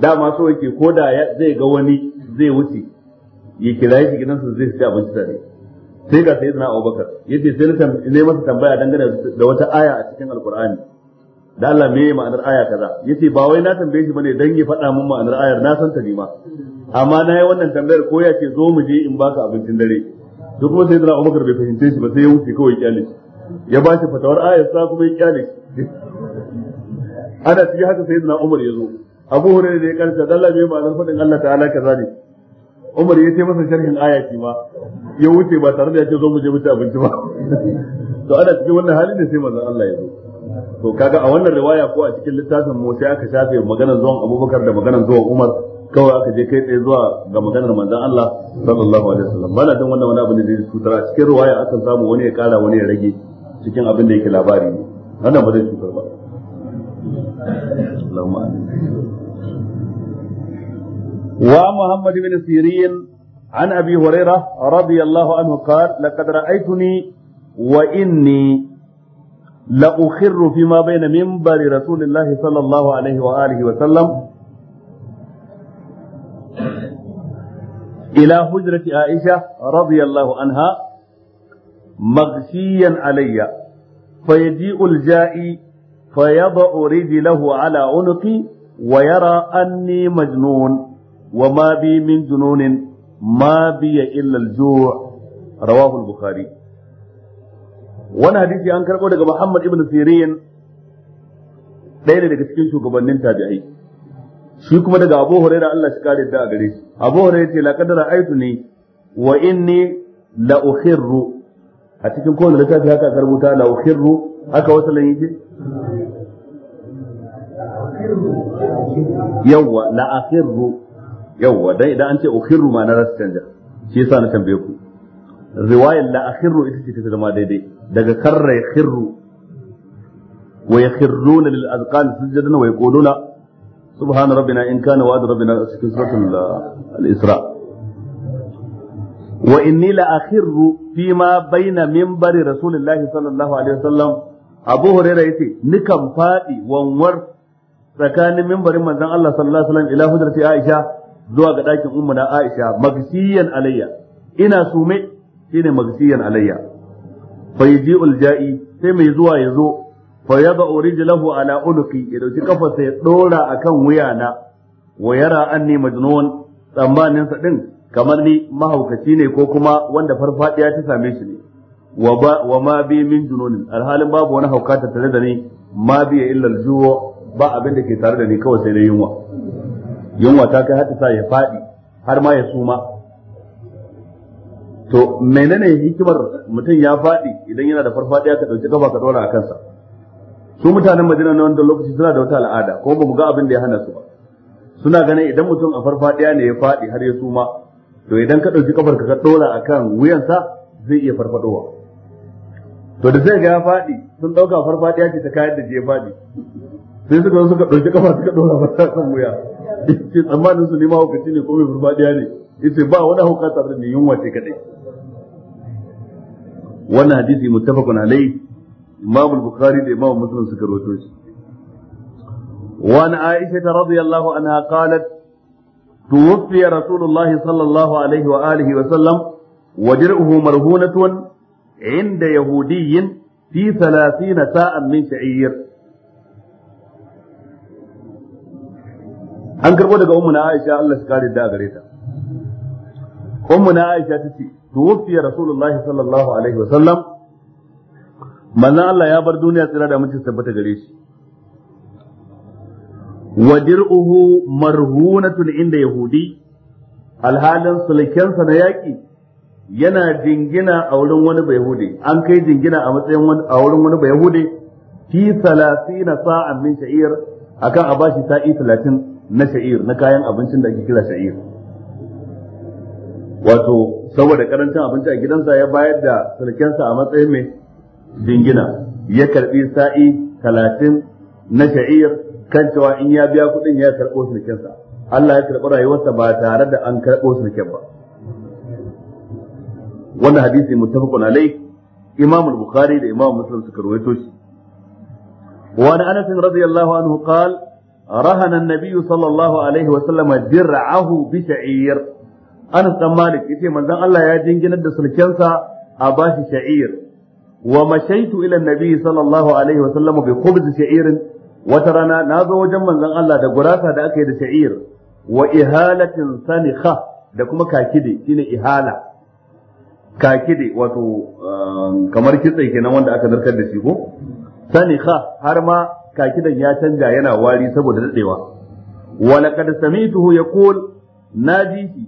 dama so yake ko da zai ga wani zai wuce ya kira shi su zai ci abinci tare sai ga sai na abubakar ya ce sai na masa tambaya dangane da wata aya a cikin alkur'ani da Allah me ma'anar aya kaza yace ba wai na tambaye shi bane dan ya faɗa mun ma'anar ayar na san ta ne ma amma na yi wannan tambayar ko ya ce zo mu je in baka abincin dare duk kuma sai na abubakar bai fahimce shi ba sai ya wuce kawai kyale ya ba shi fatawar ayar sa kuma ya kyale ana cikin haka sai na umar ya zo abu hore da ya karanta dalla bai ba zan fadin Allah ta'ala kaza ne Umar ya ce masa sharhin aya ce ma ya wuce ba tare da ya ce zo mu je mutu abinci ba to ana cikin wannan halin da sai manzon Allah ya zo to kaga a wannan riwaya ko a cikin littafin mu sai aka shafe maganar zuwan Abubakar da maganar zuwan Umar kawai aka je kai tsaye zuwa ga maganar manzon Allah sallallahu alaihi wasallam ba na jin wannan wani abu ne da ya cutar a cikin riwaya akan samu wani ya kara wani ya rage cikin abin da yake labari ne wannan ba zai cutar ba Allahumma amin ومحمد بن سيرين عن أبي هريرة رضي الله عنه قال لقد رأيتني وإني لأخر فيما بين منبر رسول الله صلى الله عليه وآله وسلم إلى حجرة عائشة رضي الله عنها مغشيا علي فيجيء الجائي فيضع رجله على عنقي ويرى أني مجنون wa ma bi min jununin ma biya illa al-ju' bukhari wannan hadisi an karɓo daga Muhammad ibn Sirin ɗaya ne daga cikin shugabannin tabi'ai shi kuma daga Abu Hurairah Allah shi kare da gare shi Abu Hurairah ce laqad ra'aytu ni wa inni la ukhirru a cikin kowane littafi haka aka rubuta la ukhirru haka wasalin yake yawwa la yawwa dan idan an ce ukhirru ma na rasu canja shi yasa na tambaye ku riwayar la akhirru ita ce ta zama daidai daga karra yakhirru wa yakhruna lil azqan sujadan wa yaquluna subhana rabbina in kana wa'd rabbina cikin suratul uh, al-isra wa inni la fi ma baina minbari rasulillahi sallallahu alaihi wasallam abu huraira yace nikan fadi wanwar tsakanin mimbarin manzon Allah sallallahu alaihi wasallam ila hujrati Aisha zuwa ga ɗakin ummu Aisha magsiyan alayya ina sume shine magsiyan alayya fa ji ulja'i sai mai zuwa ya zo fa yad'u rijlahu ala la'uluki ya dauki kafarsa ya dora akan na. wa yara anni majnun tsammanin sa din kamar ni mahaukaci ne ko kuma wanda farfadiya ta same shi ne wa ma bi min jununin alhalin babu wani hauka tattare da ni ma bi illa aljuwa ba abin da ke tare da ni kawai sai na yunwa yunwa ta kai hatta sa ya faɗi har ma ya suma to menene hikimar mutum ya faɗi idan yana da farfadiya ka dauki kafa ka dora a kansa su mutanen Madina na wanda lokaci suna da wata al'ada ko ba mu ga abin da ya hana su ba suna ganin idan mutum a farfadiya ne ya faɗi har ya suma to idan ka dauki kafar ka dora kan wuyansa zai iya farfadowa to da zai ga ya faɗi sun ɗauka farfadiya ce ta kayan da je faɗi sai suka zo suka ɗauki kafa suka ɗora a san wuya ce tsammanin su ne hukaci ne ko mai ne yace ba wani hauka tare da yunwa ce kadai wannan hadisi muttafaqun alai imam al-bukhari da imam muslim suka shi wa an aisha radhiyallahu anha qalat توفي رسول الله صلى الله عليه وآله وسلم وجرؤه مرهونة عند يهودي في ثلاثين ساء من شعير an karbo daga ummu na Aisha Allah shi kare da gare ta ummu na Aisha ta ce tuwfiya rasulullahi sallallahu alaihi wa sallam manzon Allah ya bar duniya tsira da mutum tabbata gare shi wa dir'uhu marhunatun inda yahudi alhalin sulkensa na yaƙi yana jingina a wurin wani bai hude. an kai jingina a matsayin a wurin wani hude fi 30 sa'an min sha'ir akan a bashi sa'i 30 na sha'ir na kayan abincin da ake kira sha'ir wato saboda karancin abinci a gidansa ya bayar da sarkensa a matsayin mai jingina ya karbi sa'i talatin na sha'ir kan cewa in ya biya kuɗin ya karɓo sarkensa Allah ya karɓi rayuwarsa ba tare da an karɓo sulken ba wannan hadisi muttafaqun alai imam al-bukhari da imam muslim suka rawaito shi wa an anas radiyallahu anhu qala rahana Nabiyu sallallahu alaihi wa sallam dir'ahu bi sha'ir Anas dan Malik yace manzon Allah ya jinginar da sulkensa a bashi sha'ir wa mashaitu ila Nabiyu sallallahu alaihi wa sallam bi khubz sha'irin wata rana na zo wajen manzon Allah da gurasa da aka yi da sha'ir wa ihalatin sanikha da kuma kakide shine ihala kakide wato kamar kitse kenan wanda aka narkar da shi ko sanikha har ma kakidan ya canja yana wari saboda dadewa wa laqad samituhu yaqul naji shi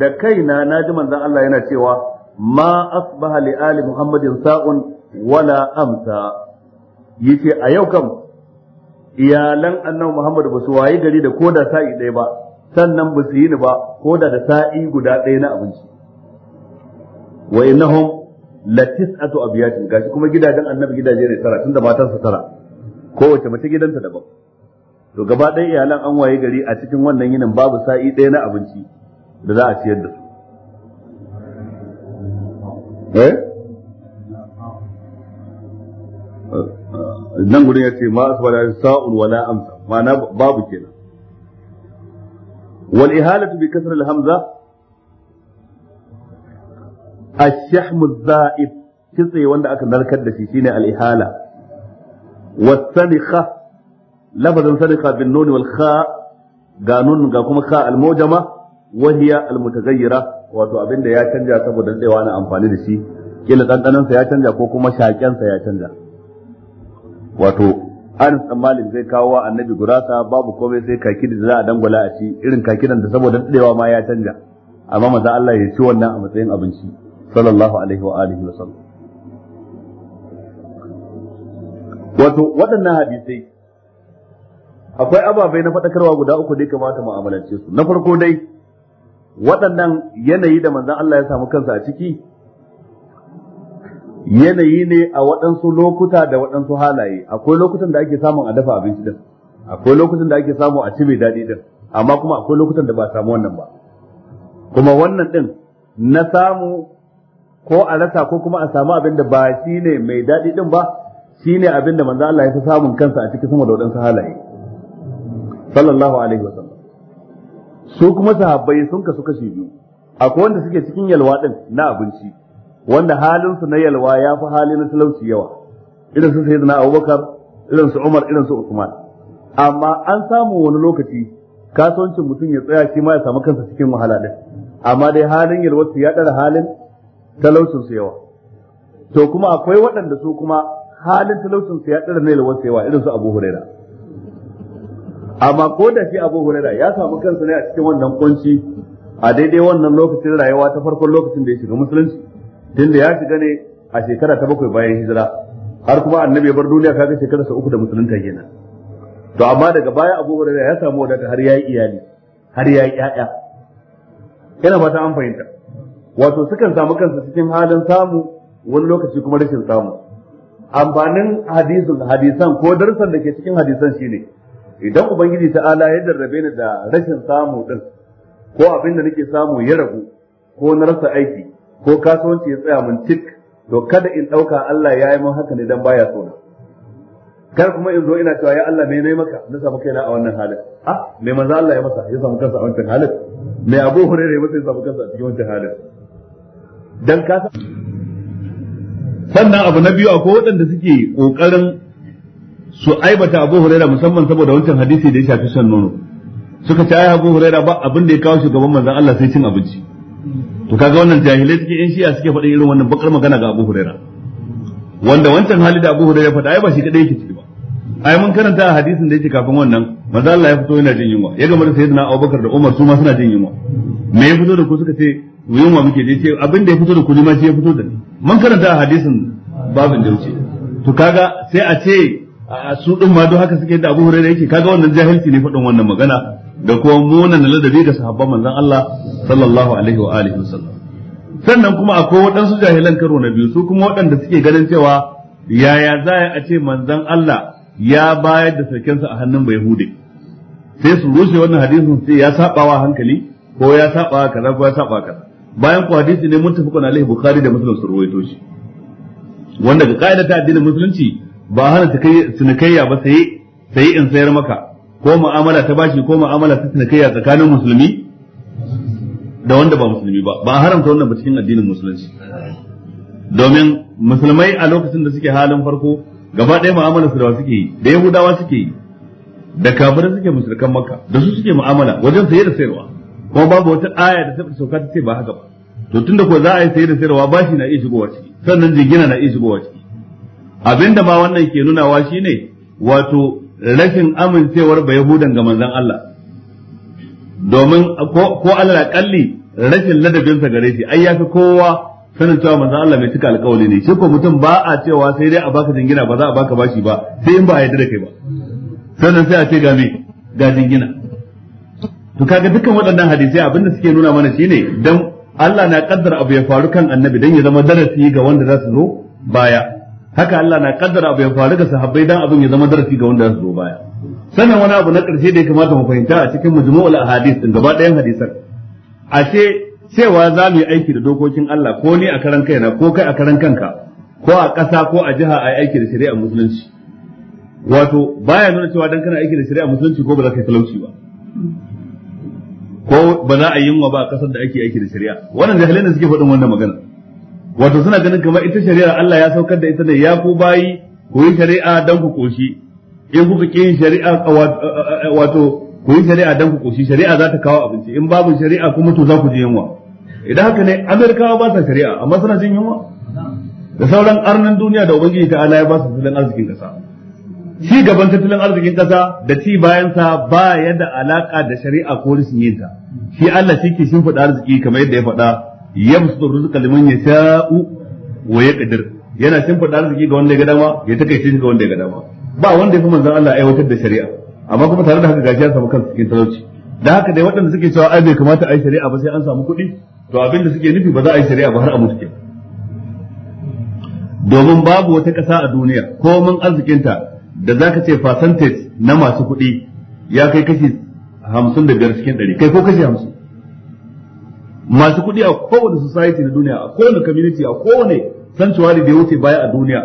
da kaina naji manzon Allah yana cewa ma asbaha li ali muhammadin sa'un wala amsa yace a yau kam iyalan annabi muhammad ba su waye gari da koda sa'i ɗaya ba sannan ba su yi ni ba koda da sa'i guda ɗaya na abinci wa innahum la tis'atu gashi kuma gidajen annabi gidaje ne tara tunda matarsa tara kowace mace gidanta daban to gaba ɗaya iyalan an waye gari a cikin wannan yinin babu sa'i ɗaya na abinci da za a ciyar da su eh? nan gudun ya ce ma asbara sa'un wala amsa ma'ana babu kenan wal ihalatu bi kasar alhamza hamza shahmu za'if kitse wanda aka narkar da shi shine al-ihala والسنخة لفظا سنخة بالنون والخاء قانون قاكم خاء الموجمة وهي المتغيرة wato abin da ya canja saboda daɗewa na amfani da shi kila ɗanɗanonsa ya canja ko kuma shaƙensa ya canja wato anas dan malik zai kawo wa annabi gurasa babu komai sai kaki da za a dangwala a ci irin kaki da saboda daɗewa ma ya canja amma maza Allah ya ci wannan a matsayin abinci sallallahu alaihi wa alihi wa sallam wato waɗannan hadisai akwai ababai na faɗakarwa guda uku da kamata mu'amalance su na farko dai waɗannan yanayi da manzan Allah ya samu kansa a ciki yanayi ne a waɗansu lokuta da waɗansu halaye akwai lokutan da ake samun a dafa abinci din akwai lokutan da ake samu a ci mai daɗi din amma kuma akwai lokutan da ba a samu wannan ba kuma wannan din na samu ko a rasa ko kuma a samu abin da ba shi ne mai daɗi din ba ne abin da manzo Allah ya fi samun kansa a cikin sama da waɗansu halaye sallallahu alaihi wa sallam su kuma sahabbai sun kasu kashi biyu akwai wanda suke cikin yalwa din na abinci wanda halin su na yalwa ya fi hali na talauci yawa irin su sayyidina Abubakar irin su Umar irin su Usman amma an samu wani lokaci kasuwancin mutum ya tsaya shi ma ya samu kansa cikin wahala din amma dai halin yalwarsu ya ɗara halin talaucinsu yawa to kuma akwai waɗanda su kuma halin talaucin su ya tsira ne lawar yawa irin su Abu Huraira amma ko da shi Abu Huraira ya samu kansa ne a cikin wannan kunci a daidai wannan lokacin rayuwa ta farkon lokacin da ya shiga musulunci tunda ya shiga ne a shekara ta bakwai bayan hijira har kuma annabi ya bar duniya kaga shekara sa uku da musulunta kenan to amma daga baya Abu Huraira ya samu wadata har yayi iyali har yayi ƴaƴa ba ta an fahimta wato sukan samu kansa cikin halin samu wani lokaci kuma rashin samu amfanin hadisin hadisan ko darsan da ke cikin hadisan shine idan ubangiji ta'ala ya darrabe ni da rashin samu din ko abin da nake samu ya ragu ko na rasa aiki ko kasuwanci ya tsaya mun tik to kada in dauka Allah ya yi mun haka ne dan baya so na kar kuma in zo ina cewa ya Allah me nayi maka na samu kaina a wannan halin ah me manzo Allah ya masa ya samu kansa a wannan halin me Abu Hurairah ya masa ya samu kansa a cikin wannan halin dan kasa. sannan abu na biyu akwai waɗanda suke ƙoƙarin su aibata Abu Huraira musamman saboda wancan hadisi da ya shafi shan nono suka ci Abu Huraira ba abin da ya kawo shugaban manzan Allah sai cin abinci to kaga wannan jahilai suke yan shiya suke faɗin irin wannan bakar magana ga Abu Huraira wanda wancan hali da Abu Huraira faɗa ai ba shi kadai yake ciki ba ai mun karanta a hadisin da yake kafin wannan manzan Allah ya fito yana jin yunwa ya gama da sayyidina Abubakar da Umar su ma suna jin yunwa me ya fito da ku suka ce wuyin wa muke dai ce abin da ya fito da ku ma shi ya fito da ni man karanta a hadisin babin da wuce to kaga sai a ce a su din ma don haka suke da Abu Hurairah yake kaga wannan jahilci ne faɗin wannan magana da kuma munan ladabi ga sahabban manzon Allah sallallahu alaihi wa alihi wasallam sannan kuma akwai waɗansu jahilan karo na biyu su kuma waɗanda suke ganin cewa yaya za a ce manzon Allah ya bayar da sarkinsa a hannun bai hude sai su rushe wannan hadisin sai ya sabawa hankali ko ya sabawa kaza ko ya sabawa kaza bayan ku hadisi ne mun tafi alaihi bukhari da muslim su ruwaito shi wanda ga kaida ta addinin musulunci ba hana cinikayya ba sai sai in sayar maka ko mu'amala ta bashi ko mu'amala ta cinikayya tsakanin musulmi da wanda ba musulmi ba ba haramta wannan ba cikin addinin musulunci domin musulmai a lokacin da suke halin farko gaba ɗaya mu'amala su da suke yi da yahudawa suke yi da kafirai suke musulkan makka da su suke mu'amala wajen saye da sayarwa ko babu wata aya da ta sauka ta ce ba haka ba to tunda ko za a yi sai da sayarwa bashi na iya shigowa ciki sannan jingina na iya shigowa ciki abinda ma wannan ke nunawa shine wato rashin amincewar ba yahudan ga manzon Allah domin ko Allah kalli rashin ladabinsa gare shi ai yafi kowa sanin cewa manzon Allah mai cika alƙawari ne shi ko mutum ba a cewa sai dai a baka jingina ba za a baka bashi ba sai in ba a yarda da kai ba sannan sai a ce ga me ga jingina to kaga dukkan waɗannan hadisai abinda suke nuna mana shine dan Allah na kaddara abu ya faru kan annabi dan ya zama darasi ga wanda za su zo baya haka Allah na kaddara abu ya faru ga sahabbai dan abin ya zama darasi ga wanda za su zo baya sannan wani abu na ƙarshe da ya kamata mu fahimta a cikin majmu'ul ahadith din gaba ɗayan hadisan ashe cewa za mu yi aiki da dokokin Allah ko ni a karan kaina ko kai a karan kanka ko a ƙasa ko a jiha a aiki da shari'a musulunci wato baya nuna cewa dan kana aiki da shari'a musulunci ko ba za ka yi talauci ba ko ba za a yi wa ba a kasar da ake aiki da shari'a wannan jahilai ne suke faɗin wannan magana wato suna ganin kamar ita shari'a Allah ya saukar da ita ne ya ku bayi ku yi shari'a dan ku koshi in kuka ki yin shari'a wato ku yi shari'a dan ku koshi shari'a za ta kawo abinci in babu shari'a kuma to za ku ji yunwa idan haka ne Amerikawa ba sa shari'a amma suna jin yunwa da sauran arnan duniya da ubangiji ta Allah ya ba su arzikin kasa ci gaban tattalin arzikin kasa da ci bayansa ba yadda da alaka da shari'a ko risniyinta shi Allah shi ke shimfiɗa arziki kamar yadda ya faɗa yabsutu rizqa liman yasha'u wa yaqdir yana shimfiɗa arziki ga wanda ya gada dama ya takaice shi ga wanda ya gada dama ba wanda ya fi manzon Allah aiwatar da shari'a amma kuma tare da haka gashi an samu kansa cikin talauci da haka dai waɗanda suke cewa ai bai kamata a yi shari'a ba sai an samu kuɗi to abin da suke nufi ba za a yi shari'a ba har a mutu domin babu wata ƙasa a duniya ko mun arzikinta da za ka ce percentage na masu kuɗi ya kai kashi hamsin da biyar cikin ɗari kai ko kashi hamsin masu kuɗi a kowane society na duniya a kowane community a kowane sanctuary da ya wuce baya a duniya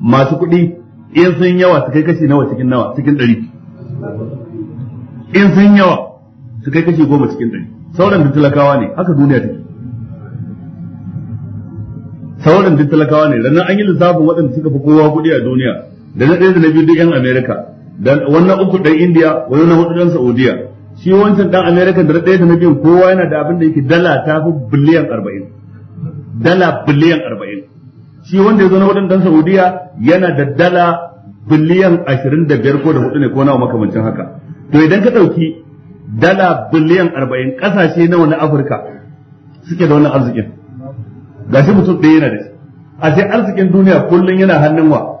masu kuɗi in sun yawa su kai kashi nawa cikin nawa cikin ɗari in sun yawa su kai kashi goma cikin ɗari sauran da talakawa ne haka duniya take sauran da talakawa ne ranar an yi lissafin waɗanda suka fi kowa kuɗi a duniya da na ɗaya da na biyu duk yan Amerika. da wannan uku ɗan Indiya wani na hudu ɗan saudiya shi wancan ɗan Amerika da na ɗaya da na biyu kowa yana da abin da yake dala ta fi biliyan arba'in dala biliyan arba'in shi wanda ya zo na hudu ɗan saudiya yana da dala biliyan ashirin da biyar ko da hudu ne ko nawa makamancin haka to idan ka ɗauki dala biliyan arba'in ƙasashe nawa na afirka suke da wannan arzikin gashi mutum ɗaya yana da shi a sai arzikin duniya kullum yana hannun wa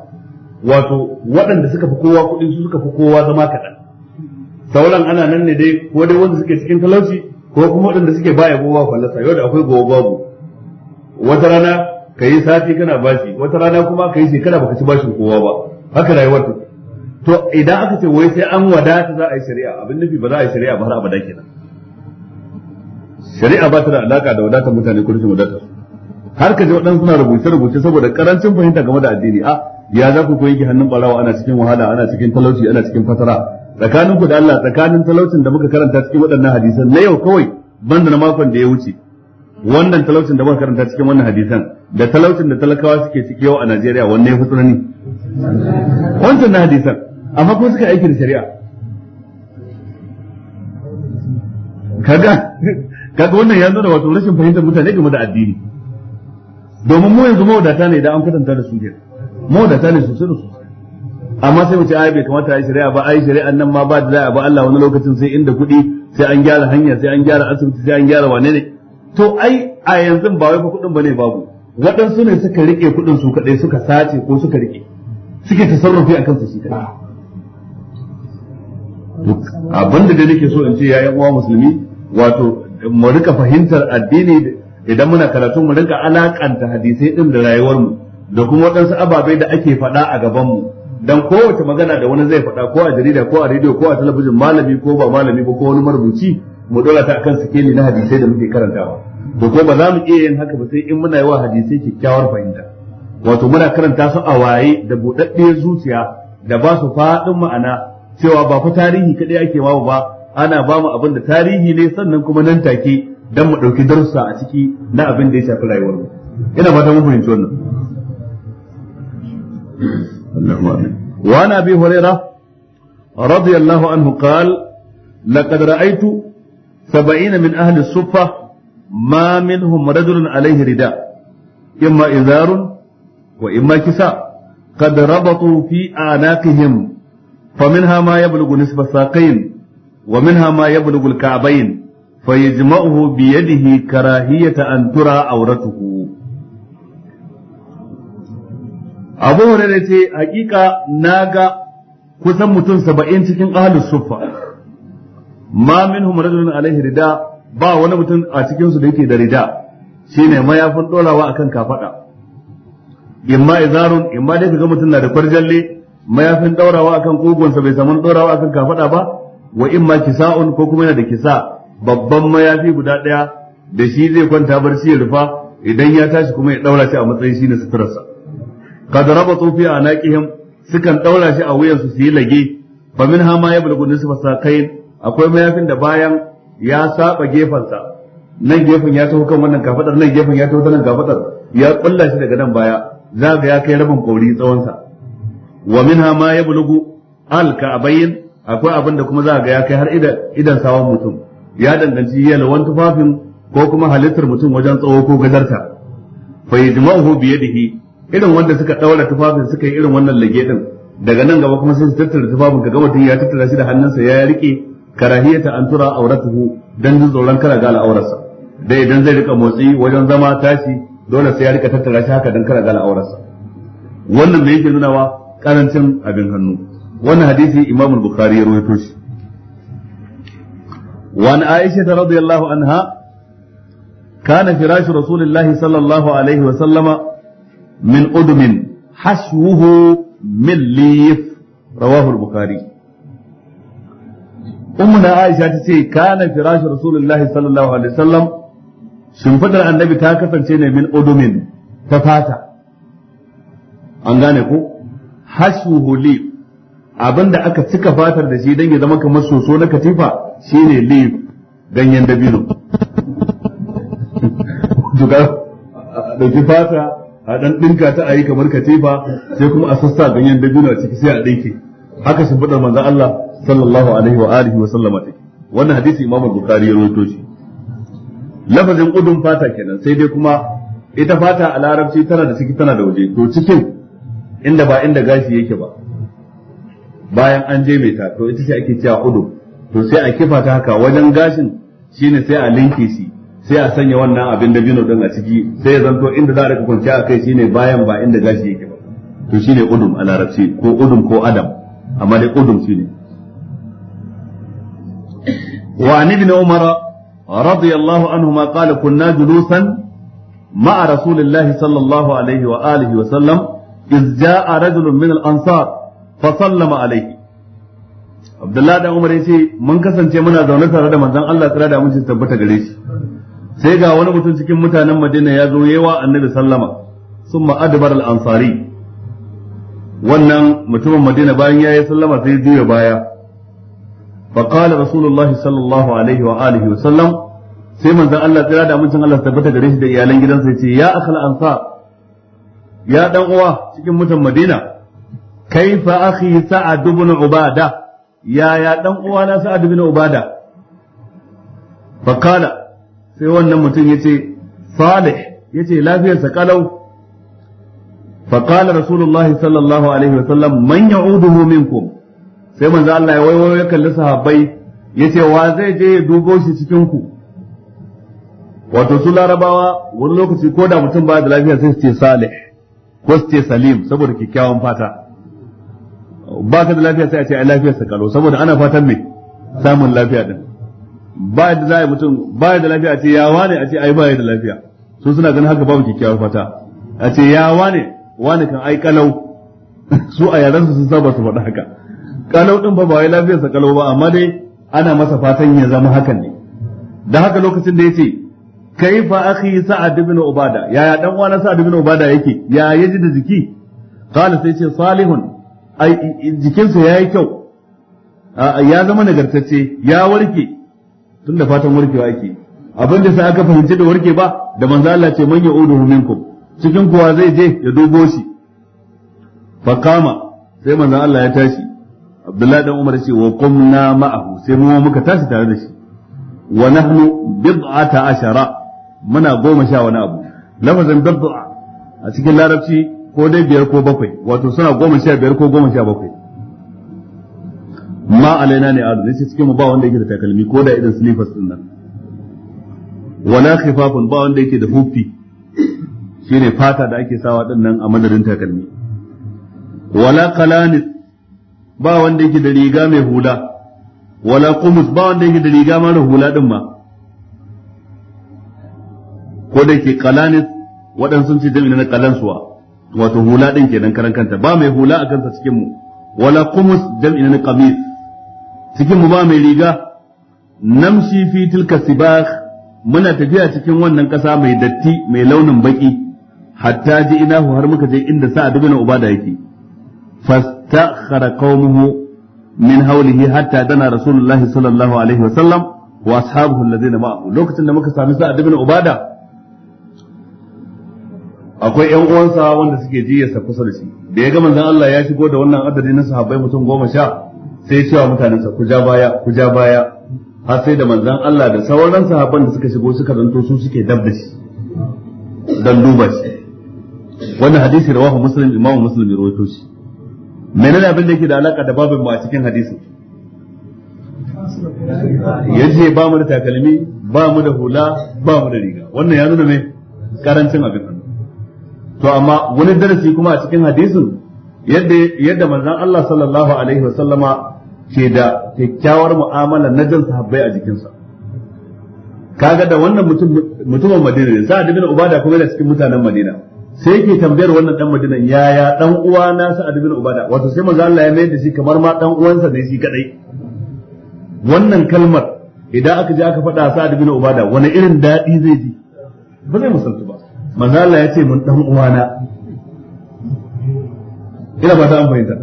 wato waɗanda suka fi kowa kuɗin su suka fi kowa zama kaɗan sauran ana nan ne dai ko dai wanda suke cikin talauci ko kuma waɗanda suke baya gowa fallasa yau da akwai gowa babu wata rana ka yi sati kana bashi wata rana kuma ka yi shekara baka ci bashin kowa ba haka rayuwar ta to idan aka ce wai sai an wadata za a yi shari'a abin nufi ba za a yi shari'a ba har abada kenan shari'a ba ta da alaka da wadatar mutane kurkin wadatar har ka ji waɗansu suna rubuce-rubuce saboda karancin fahimta game da addini a ah, ya za ku koyi hannun barawa ana cikin wahala ana cikin talauci ana cikin fatara tsakanin ku da Allah tsakanin talaucin da muka karanta cikin waɗannan hadisan na yau kawai banda na makon da ya wuce wannan talaucin da muka karanta cikin wannan hadisan da talaucin da talakawa suke ciki yau a Najeriya wanne ya fi ni? wannan na hadisan amma ko suka aiki da shari'a kaga kaga wannan ya nuna wato rashin fahimtar mutane game da addini domin mu yanzu mawadata ne idan an kwatanta da su kenan mawadata ne sosai da sosai amma sai mu ce ai bai kamata ai shari'a ba ai shari'an nan ma ba da za'a ba Allah wani lokacin sai inda kuɗi sai an gyara hanya sai an gyara asibiti sai an gyara wane ne to ai a yanzu ba wai fa kuɗin bane babu waɗansu ne suka rike kuɗin su kaɗai suka sace ko suka rike suke tasarrufi akan su shi kaɗai abin da nake so in ce ya uwa musulmi wato mu rika fahimtar addini idan muna karatu mu rika alakanta hadisai din da rayuwar mu da kuma waɗansu ababai da ake faɗa a gabanmu dan kowace magana da wani zai faɗa ko a jarida ko a rediyo ko a talabijin malami ko ba malami ko wani marubuci mu dora ta akan sikeli na hadisai da muke karantawa to ko ba za mu iya yin haka ba sai in muna yawa hadisai kyakkyawar fahimta wato muna karanta su a waye da buɗaɗɗe zuciya da ba su faɗin ma'ana cewa ba fa tarihi kaɗai ake wawa ba ana ba mu abin da tarihi ne sannan kuma nan take dan mu ɗauki darussa a ciki na abin da ya shafi rayuwar mu ina fata mun fahimci wannan وعن أبي هريرة رضي الله عنه قال لقد رأيت سبعين من أهل الصفة ما منهم رجل عليه رداء إما إزار وإما كساء قد ربطوا في اعناقهم فمنها ما يبلغ نصف الساقين ومنها ما يبلغ الكعبين فيجمعه بيده كراهية أن ترى عورته abu hurairah ce hakika ga kusan mutum saba'in cikin ahlus suffa ma minhum rajulun alaihi rida ba wani mutum a cikinsu da yake da rida shine mayafin dorawa akan kafada imma izarun imma dai kaga mutum na da kwarjalle mayafin daurawa akan kogonsa bai samu daurawa akan kafada ba wa imma kisa'un ko kuma yana da kisa babban mayafi guda daya da shi zai kwanta barci ya rufa idan ya tashi kuma ya daura shi a matsayin shine suturarsa Kadaraba tsofi a anaqihim sukan ɗaura shi a wuyansu su yi lage Ba min ha ma yablughu nisfa saqain akwai mayafin da bayan ya saba gefansa nan gefen ya taho kan wannan gafadar nan gefen ya taho nan gafadar ya kulla shi daga nan baya za ga ya kai rabin kauri tsawon sa wa min ha ma yablughu al ka'bayn akwai abin da kuma za ga ya kai har idan sawan mutum ya danganci yalwan tufafin ko kuma halittar mutum wajen tsawo ko gajarta fa yajma'uhu bi yadihi irin wanda suka ɗaura tufafin suka yi irin wannan lage ɗin, daga nan gaba kuma sai su tattara tufafin ka gama tun ya tattara shi da hannunsa ya rike karahiyata an tura auratuhu dan jin tsoron kara ga al'aurarsa dai idan zai rika motsi wajen zama tashi dole sai ya rika tattara shi haka dan kara ga al'aurarsa wannan me yake nunawa karancin abin hannu wannan hadisi imamul Bukhari ya rawaito shi وعن عائشة رضي الله عنها كان فراش رسول الله صلى الله عليه وسلم min udumin haswuhu min lif rawahu al-bukhari ummuna aisha ta ce kana firashi rasulullahi sallallahu alaihi wasallam shimfidar annabi ta kasance ne min udumin ta fata an gane ko haswuhu lif abinda aka cika fatar da shi dan ya zama kamar soso na katifa shine lif ganyen dabino duka dauki fata a dan dinka ta ayi kamar katifa sai kuma a sassa ganyen dabino a ciki sai a dinke haka sun fadar manzo Allah sallallahu alaihi wa alihi wa sallama wannan hadisi Imam Bukhari ya rawaito shi lafazin udun fata kenan sai dai kuma ita fata a larabci tana da ciki tana da waje to cikin inda ba inda gashi yake ba bayan an je mai ta to ita ce ake cewa udun to sai a kifa ta haka wajen gashin shine sai a linke shi sai a sanya wannan abin da bino din a ciki sai ya zanto inda za a rika kwanciya a kai shine bayan ba inda gashi yake ba to shine udum a larabci ko udum ko adam amma dai udum shine wa an ibn umara radiyallahu anhuma qala kunna julusan ma'a rasulillahi sallallahu alaihi wa alihi wa sallam iz ja'a rajulun min al-ansar fa sallama alaihi Abdullahi da Umar ya mun kasance muna zaune tare da manzon Allah tsira da mun tabbata gare shi sai ga wani mutum cikin mutanen madina ya zo yawa annabi sallama sun ma'adabar al'ansari wannan mutumin madina bayan ya yi sallama sai juya baya faƙala rasulullah sallallahu alaihi wa alihi wa sallam sai manzan Allah tsira da amincin Allah tabbata gare shi da iyalan gidansa ya ce ya akhal ansar ya dan uwa cikin mutan madina kaifa akhi sa'ad ibn ubada ya ya dan uwa na sa'ad ibn ubada faƙala sai wannan mutum ya ce salih ya ce lafiyarsa kalau faƙalar rasulullahi sallallahu alaihi wasallam man ya'uduhu minkum sai manzo Allah ya waiwo ya kalli sahabbai ya ce wa zai je ya dubo shi cikin ku wato su larabawa wani lokaci ko da mutum ba da lafiya sai su ce salih ko su ce salim saboda kyakkyawan fata ba ka da lafiya sai a ce ai lafiyarsa kalau saboda ana fatan me samun lafiya din ba da za mutum ba da lafiya a ce ya wane a ce ai ba da lafiya su suna ganin haka babu kyakkyawar fata a ce ya wane wane kan ai kalau su a yaran su sun saba su faɗa haka kalau din ba ba wai sa kalau ba amma dai ana masa fatan ya zama hakan ne da haka lokacin da yace kaifa akhi sa'ad ibn ubada yaya dan uwana sa'ad ibn ubada yake ya yaji da jiki qala sai ce salihun ai jikinsa yayi kyau ya zama nagartacce ya warke tun da fatan warkewa ake abin da sai aka fahimci da warke ba da manzo Allah ce man ya'uduhu minkum cikin kuwa zai je ya dubo shi Fa kama sai manzo Allah ya tashi Abdullahi dan Umar ce wa qumna ma'ahu sai mu muka tashi tare da shi wa nahnu bid'ata ashara muna goma sha wani abu lafazin bid'a a cikin larabci ko dai biyar ko bakwai wato suna goma sha biyar ko goma sha bakwai ma alaina ne azu sai cikin mu ba wanda yake da takalmi ko da irin slippers din nan wala khifafun ba wanda yake da hufi shine fata da ake sawa din nan a madadin takalmi wala qalani ba wanda yake da riga mai hula wala qumus ba wanda yake da riga mara hula din ma ko da yake qalanis waɗansu ce jami'in na qalansuwa wato hula din kenan karan kanta ba mai hula a kansa cikin mu wala qumus jam'i na qamis cikin mu ba mai riga namshi fi tilka sibakh muna tafiya cikin wannan ƙasa mai datti mai launin baki hatta ji hu har muka je inda sa ibn ubada yake fastakhara qaumuhu min hawlihi hatta dana rasulullahi sallallahu alaihi wasallam wa ashabuhu alladhina ma'ahu lokacin da muka sami sa ibn ubada akwai ƴan uwansa wanda suke sa kusa da shi da ya ga manzon Allah ya shigo da wannan adadi na sahabbai mutum goma sha sai cewa mutanensa ku ja baya ku ja baya har sai da manzon Allah da sauran sahabban da suka shigo suka zanto su suke dab da shi dan duba shi wannan hadisi rawahu muslim imamu muslim ya rawaito shi menene abin da yake da alaka da babin mu a cikin hadisin yaje ba mu da takalmi ba mu da hula ba mu da riga wannan ya nuna me karancin abin to amma wani darasi kuma a cikin hadisin yadda yadda manzon Allah sallallahu alaihi wasallama ke da kyakkyawar mu'amala na jan sahabbai a jikinsa kaga da wannan mutum mutumin Madina ne sa'ad bin Ubada kuma yana cikin mutanen Madina sai yake tambayar wannan dan Madina yaya dan uwa na sa'ad bin Ubada wato sai manzon Allah ya mayar da shi kamar ma dan uwansa ne shi kadai wannan kalmar idan aka je aka faɗa sa'ad bin Ubada wani irin daɗi zai ji ba zai musaltu ba manzon Allah ya ce mun dan uwana ina ta an fahimta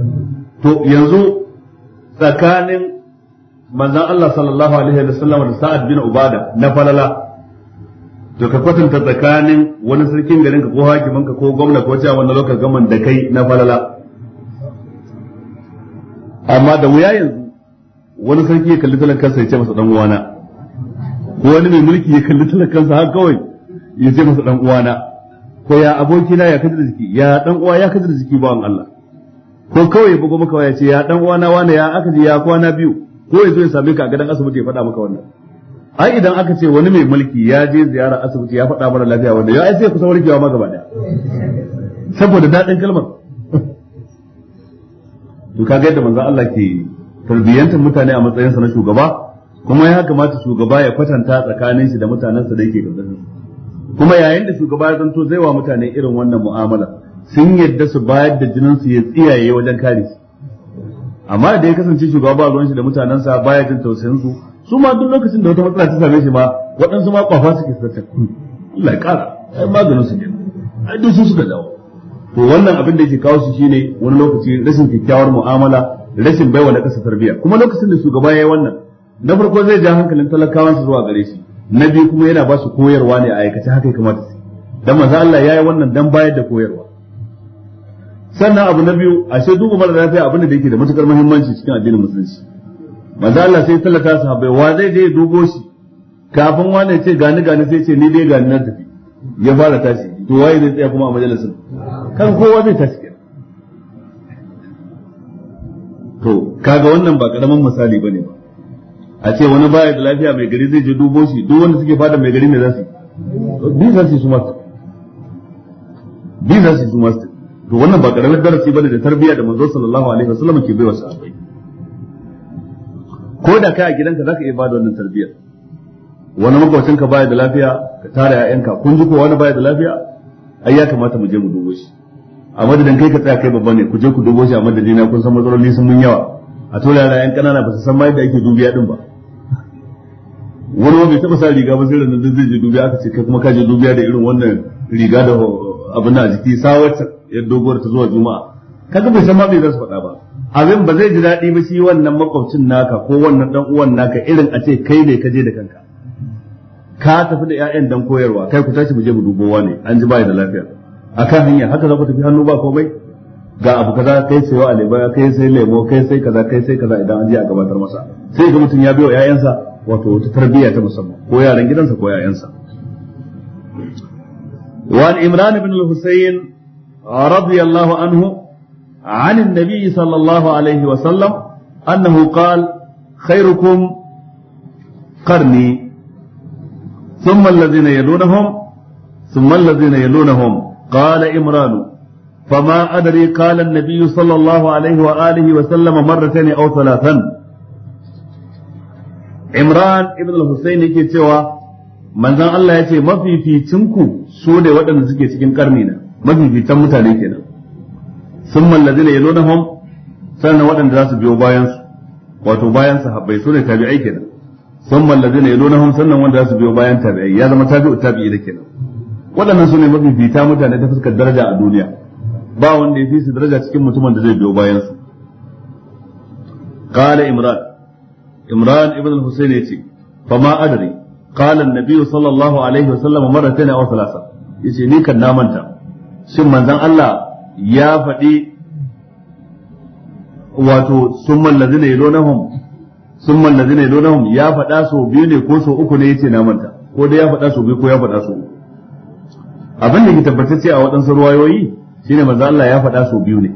to yanzu tsakanin manzan Allah sallallahu alaihi wa sallam da Sa'ad bin Ubada na falala to ka kwatanta tsakanin wani sarkin garin ka ko hakimin ka ko gwamna ko cewa wannan lokacin gaman da kai na falala amma da wuya yanzu wani sarki ya kalli talakansa ya ce masa dan uwana ko wani mai mulki ya kalli talakansa har kawai ya ce masa dan uwana ko ya abokina ya kaji da jiki ya dan uwa ya kaji da jiki bawan Allah ko kawai bugu maka waya ce ya dan uwana wani ya aka ji ya kwana biyu ko ya zo ya same ka a gidan asibiti ya faɗa maka wannan ai idan aka ce wani mai mulki ya je ziyara asibiti ya faɗa mara lafiya wannan ya ai sai kusa warkewa ma gaba daya saboda dadin kalmar to kaga yadda manzo Allah ke tarbiyyantar mutane a matsayinsa na shugaba kuma ya kamata shugaba ya kwatanta tsakanin shi da sa da yake gaba kuma yayin da shugaba ya zanto zai wa mutane irin wannan mu'amala sun yadda su bayar da jinin su ya tsiyaye wajen kare su amma da ya kasance shugaba ba ruwan shi da mutanen sa baya jin tausayin su su ma duk lokacin da wata matsala ta same shi ma waɗansu ma kwafa suke ta Allah ya kara ai maganin su ne ai duk su suka dawo to wannan abin da yake kawo su shine wani lokaci rashin kyakkyawar mu'amala rashin baiwa na kasa tarbiyya kuma lokacin da shugaba yayi wannan na farko zai ja hankalin talakawan su zuwa gare shi na biyu kuma yana ba su koyarwa ne a aikace haka ya kamata su dan manzo Allah yayi wannan dan bayar da koyarwa sannan abu na biyu ashe duba mara lafiya abin da yake da matukar muhimmanci cikin addinin musulunci manzo Allah sai talaka sahabbai wa zai je dubo shi kafin wani ce gani gani sai ce ni dai gani na tafi ya fara tashi to waye zai tsaya kuma a majalisin kan kowa zai tashi to kaga wannan ba karaman misali bane ba a ce wani baya da lafiya mai gari zai je dubo shi duk wanda suke fada mai gari ne za su bi za su su masu bi za su su masu to wannan ba karamin darasi bane da tarbiyya da manzo sallallahu alaihi wasallam ke baiwa sahabbai ko da kai a gidanka zaka iya bada wannan tarbiyyar wani makwacin ka baya da lafiya ka tara ƴaƴanka kun ji ko wani baya da lafiya ai ya kamata mu je mu dubo shi a madadin kai ka tsaya kai babba ne ku je ku dubo shi a madadina kun san matsaloli sun mun yawa a tura da ƴan kanana ba su san ma yadda ake dubiya din ba wani wanda bai taba sa riga ba sai da nan zai je dubiya aka ce kai kuma ka je dubiya da irin wannan riga da abin na jiki sawata ya doguwar ta zuwa juma'a kaga bai san ma bai zasu faɗa ba abin ba zai ji daɗi ba shi wannan makwabcin naka ko wannan dan uwan naka irin a ce kai ne ka je da kanka ka tafi da ƴaƴan dan koyarwa kai ku tashi mu je mu dubo wane an ji bai da lafiya akan hanya haka za ku tafi hannu ba komai ga abu kaza kai sayo aleba kai sai lemo kai sai kaza kai sai kaza idan an je a gabatar masa sai ga mutum ya biyo ƴaƴansa wato wata tarbiyya ta musamman ko yaran gidansa ko ƴaƴansa وعن عمران بن الحسين رضي الله عنه عن النبي صلى الله عليه وسلم أنه قال خيركم قرني ثم الذين يلونهم ثم الذين يلونهم قال عمران فما أدري قال النبي صلى الله عليه وآله وسلم مرتين أو ثلاثا عمران ابن الحسين كي manzan Allah ya ce mafificinku su so da waɗanda suke cikin ƙarni na mafificin mutane kenan sun mallazi ne yanzu na hom sannan waɗanda za su biyo bayansu, wato bayan sahabbai so ne tabi'ai kenan sun mallazi ne yanzu na hom sannan wanda za su biyo bayan tabi'ai ya zama tabi'u tabi'i da kenan waɗannan su ne mafifita mutane ta fuskar daraja a duniya ba wanda ya fi su daraja cikin mutumin da zai biyo bayansu. su imran imran ibn ya ce fa fama adri qala an-nabi sallallahu alaihi wasallam marratayn aw thalatha yace ni kan na manta shin manzon Allah ya faɗi wato summan lazina yalunahum summan lazina yalunahum ya faɗa so biyu ne ko so uku ne yace na manta ko dai ya faɗa so biyu ko ya faɗa so abin da ke tabbatacce a waɗansu ruwayoyi shine manzo Allah ya faɗa so biyu ne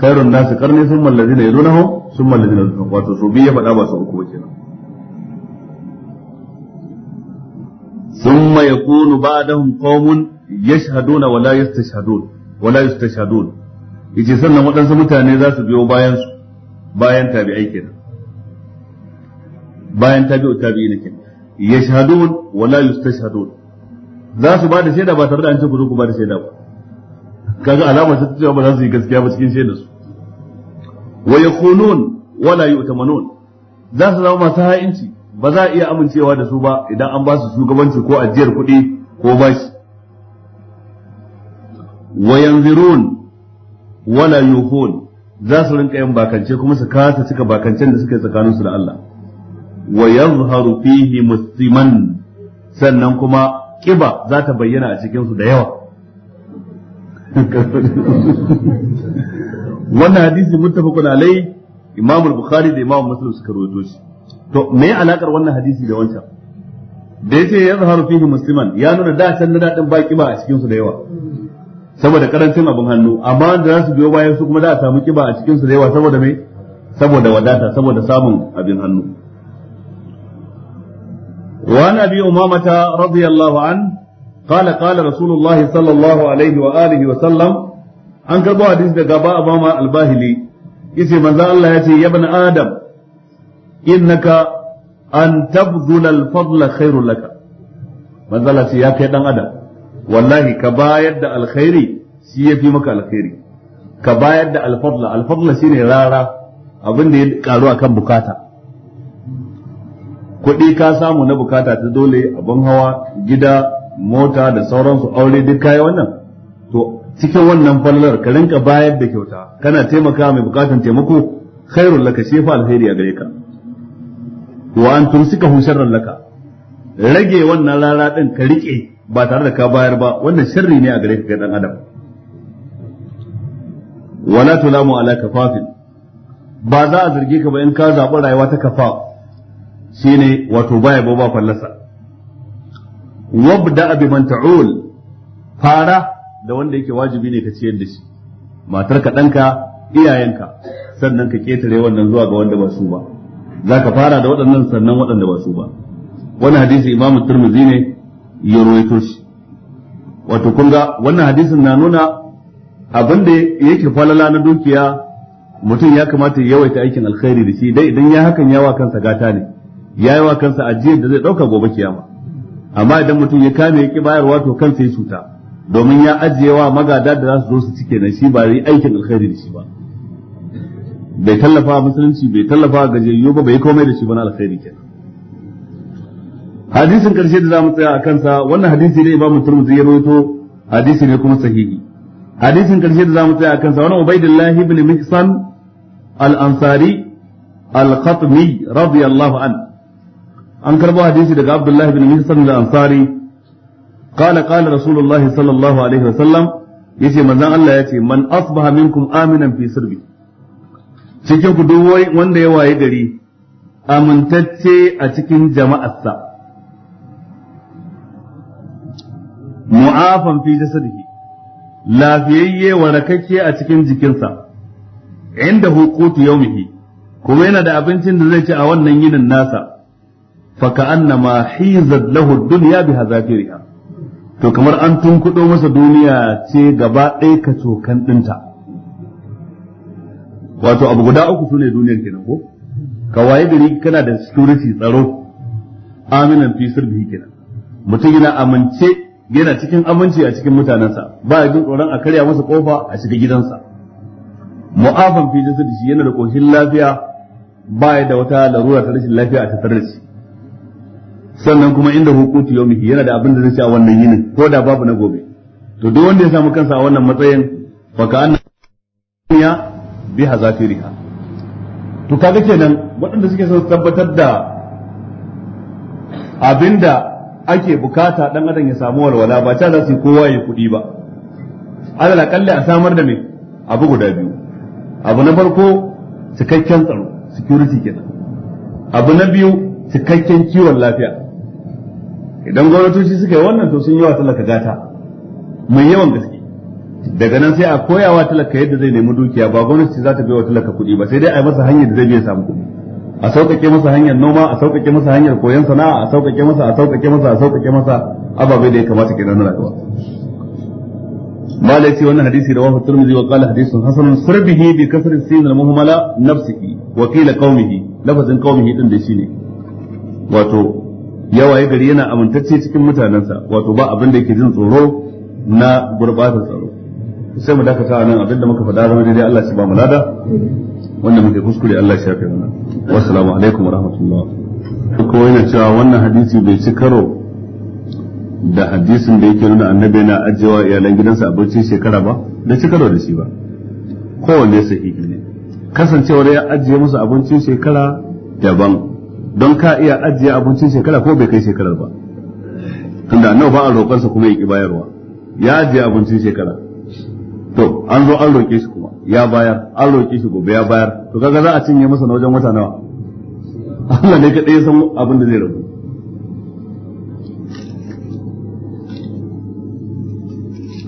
khairun nasu karni summan lazina yalunahum summan lazina yalunahum wato so biyu ya faɗa ba so uku ba kenan thumma yakunu ba'dahum qaumun yashhaduna wa la yastashhadun wa la yastashhadun yace sannan waɗansu mutane za su biyo bayan su bayan tabi'ai kenan bayan tabi'u tabi'ina kenan yashhadun wa la yastashhadun za su ba da shaida ba tare da an ce ku zo ku ba da ba kaga alama ta cewa ba za su yi gaskiya ba cikin shaidar su wa yakhunun wa la yu'tamanun za su zama masu ha'inci ba za a iya amincewa da su ba idan an ba su shugabanci ko ajiyar kuɗi ko bashi wayan zirun wala yuhun za su rinka yin bakance kuma su kasa cika bakancen da suke tsakanin su da Allah wa yazharu fihi musliman sannan kuma kiba za ta bayyana a cikin su da yawa wannan hadisi muttafaqun alai imam al-bukhari da imam muslim suka rawaito shi to me alakar wannan hadisi da wancan da ya ce ya zaharu fihi musliman ya nuna da can na din ba kiba a cikinsu da yawa saboda karancin abin hannu amma da za su biyo bayan su kuma da a samu kiba a cikinsu da yawa saboda me saboda wadata saboda samun abin hannu وعن ابي امامه رضي الله عنه قال قال رسول الله صلى الله عليه واله وسلم an karbo hadisi daga ba a bama albahili yace manzo Allah yace ya ibn adam innaka an tabdhul al fadla khairul laka ya kai dan adam wallahi ka bayar da alkhairi shi yafi maka alkhairi ka bayar da alfadla alfadla shine rara abin da ya karu akan bukata kuɗi ka samu na bukata ta dole abin hawa gida mota da sauransu aure duk kayi wannan to cikin wannan fallar ka rinka bayar da kyauta kana taimaka mai bukatan taimako khairul laka shi fa alheri a gare ka wa an suka sharran laka rage wannan rara din ka rike ba tare da ka bayar ba wannan sharri ne a gare ka dan adam wala tulamu ala kafafin ba za a zarge ka ba in ka zaɓi rayuwa ta kafa shine wato baya ba ba fallasa wabda bi man ta'ul fara da wanda yake wajibi ne ka ciyar da shi ka ɗanka iyayenka sannan ka ketare wannan zuwa ga wanda ba su ba Za ka fara da waɗannan sannan waɗanda ba su ba wani hadisi imam turmuzi ne ya rawaito shi wato kun ga wannan hadisin na nuna abin da yake falala na dukiya mutum ya kamata ya yawaita aikin alkhairi da shi dai idan ya hakan yawa kansa gata ne ya yi wa kansa ajiyar da zai ɗauka gobe kiyama amma idan mutum ya kame ya ki bayarwa to kansa ya cuta domin ya ajiye wa magada da za su zo su cike na shi ba yi aikin alkhairi da shi ba bai tallafa musulunci bai tallafa gajiyayyu ba bai komai da shi ba na alkhairi kenan hadisin karshe da zamu tsaya a kansa wannan hadisi ne imamu turmuzi ya rawaito hadisi ne kuma sahihi hadisin karshe da zamu tsaya a kansa wannan ubaidillah ibn mihsan al-ansari al-qatmi radiyallahu an an karbo hadisi daga abdullah ibn mihsan al-ansari qala qala rasulullahi sallallahu alaihi wasallam yace manzon Allah yace man asbaha minkum aminan fi sirbi cikin ku wanda ya waye gari amintacce a cikin jama'arsa mu'afan fi jasadihi lafiyayye warakakke a cikin jikinsa inda hukutu yaumihi kuma yana da abincin da zai ci a wannan yinin nasa fa ma hizat lahu dunya bi hazafiriha to kamar an tunkudo masa duniya ce gaba ɗaya ka cokan ɗinta wato abu guda uku sune duniyar kenan ko ka waye gari kana da security tsaro aminan fi sirbihi kenan mutum yana amince yana cikin aminci a cikin mutanensa ba ya jin tsoron a karya masa kofa a shiga gidansa mu'afan fi jasadi shi yana da koshin lafiya ba ya da wata larura ta rashin lafiya a tattare da shi sannan kuma inda yau yaumihi yana da abin da zai ci a wannan yinin ko da babu na gobe to duk wanda ya samu kansa a wannan matsayin baka ka ya bi hazafiriha to kaga kenan waɗanda suke son tabbatar da abinda ake bukata dan adam ya samu walwala ba ta za su kowa ya kuɗi ba alal akalli a samar da me abu guda biyu abu na farko cikakken tsaro security kenan abu na biyu cikakken kiwon lafiya idan gwamnatoci suka yi wannan to sun yi wa talaka gata mai yawan gaske daga nan sai a koyawa talaka yadda zai nemi dukiya ba gwamnati za ta bai wa talaka kuɗi ba sai dai a yi masa hanyar da zai biya samu kuɗi a sauƙaƙe masa hanyar noma a sauƙaƙe masa hanyar koyon sana'a a sauƙaƙe masa a sauƙaƙe masa a sauƙaƙe masa ababe da ya kamata kenan na rayuwa malai sai wannan hadisi da wahu turmizi wa qala hadithun hasan sarbihi bi kasri sin al muhmala nafsihi wa qila qaumihi lafazin qaumihi din da shine wato yawaye gari yana amintacce cikin mutanensa wato ba abin da yake jin tsoro na gurbatar tsaro sai mu dakata nan abinda muka faɗa zama daidai Allah shi ba mu lada wanda muke kuskure Allah shi shafe mana wassalamu alaikum warahmatullahi ko yana cewa wannan hadisi bai ci karo da hadisin da yake nuna annabi na ajewa iyalan gidansa abinci shekara ba da ci karo da shi ba kowanne sahihi ne kasancewar ya ajiye musu abincin shekara daban don ka iya ajiye abincin shekara ko bai kai shekarar ba tunda annabi ba a roƙarsa kuma ya ki bayarwa ya ajiye abincin shekara to an zo an roke shi kuma ya bayar an roke shi gobe ya bayar to kaga za a cinye masa na wajen wata nawa Allah ne kadai ya san abin da zai rabu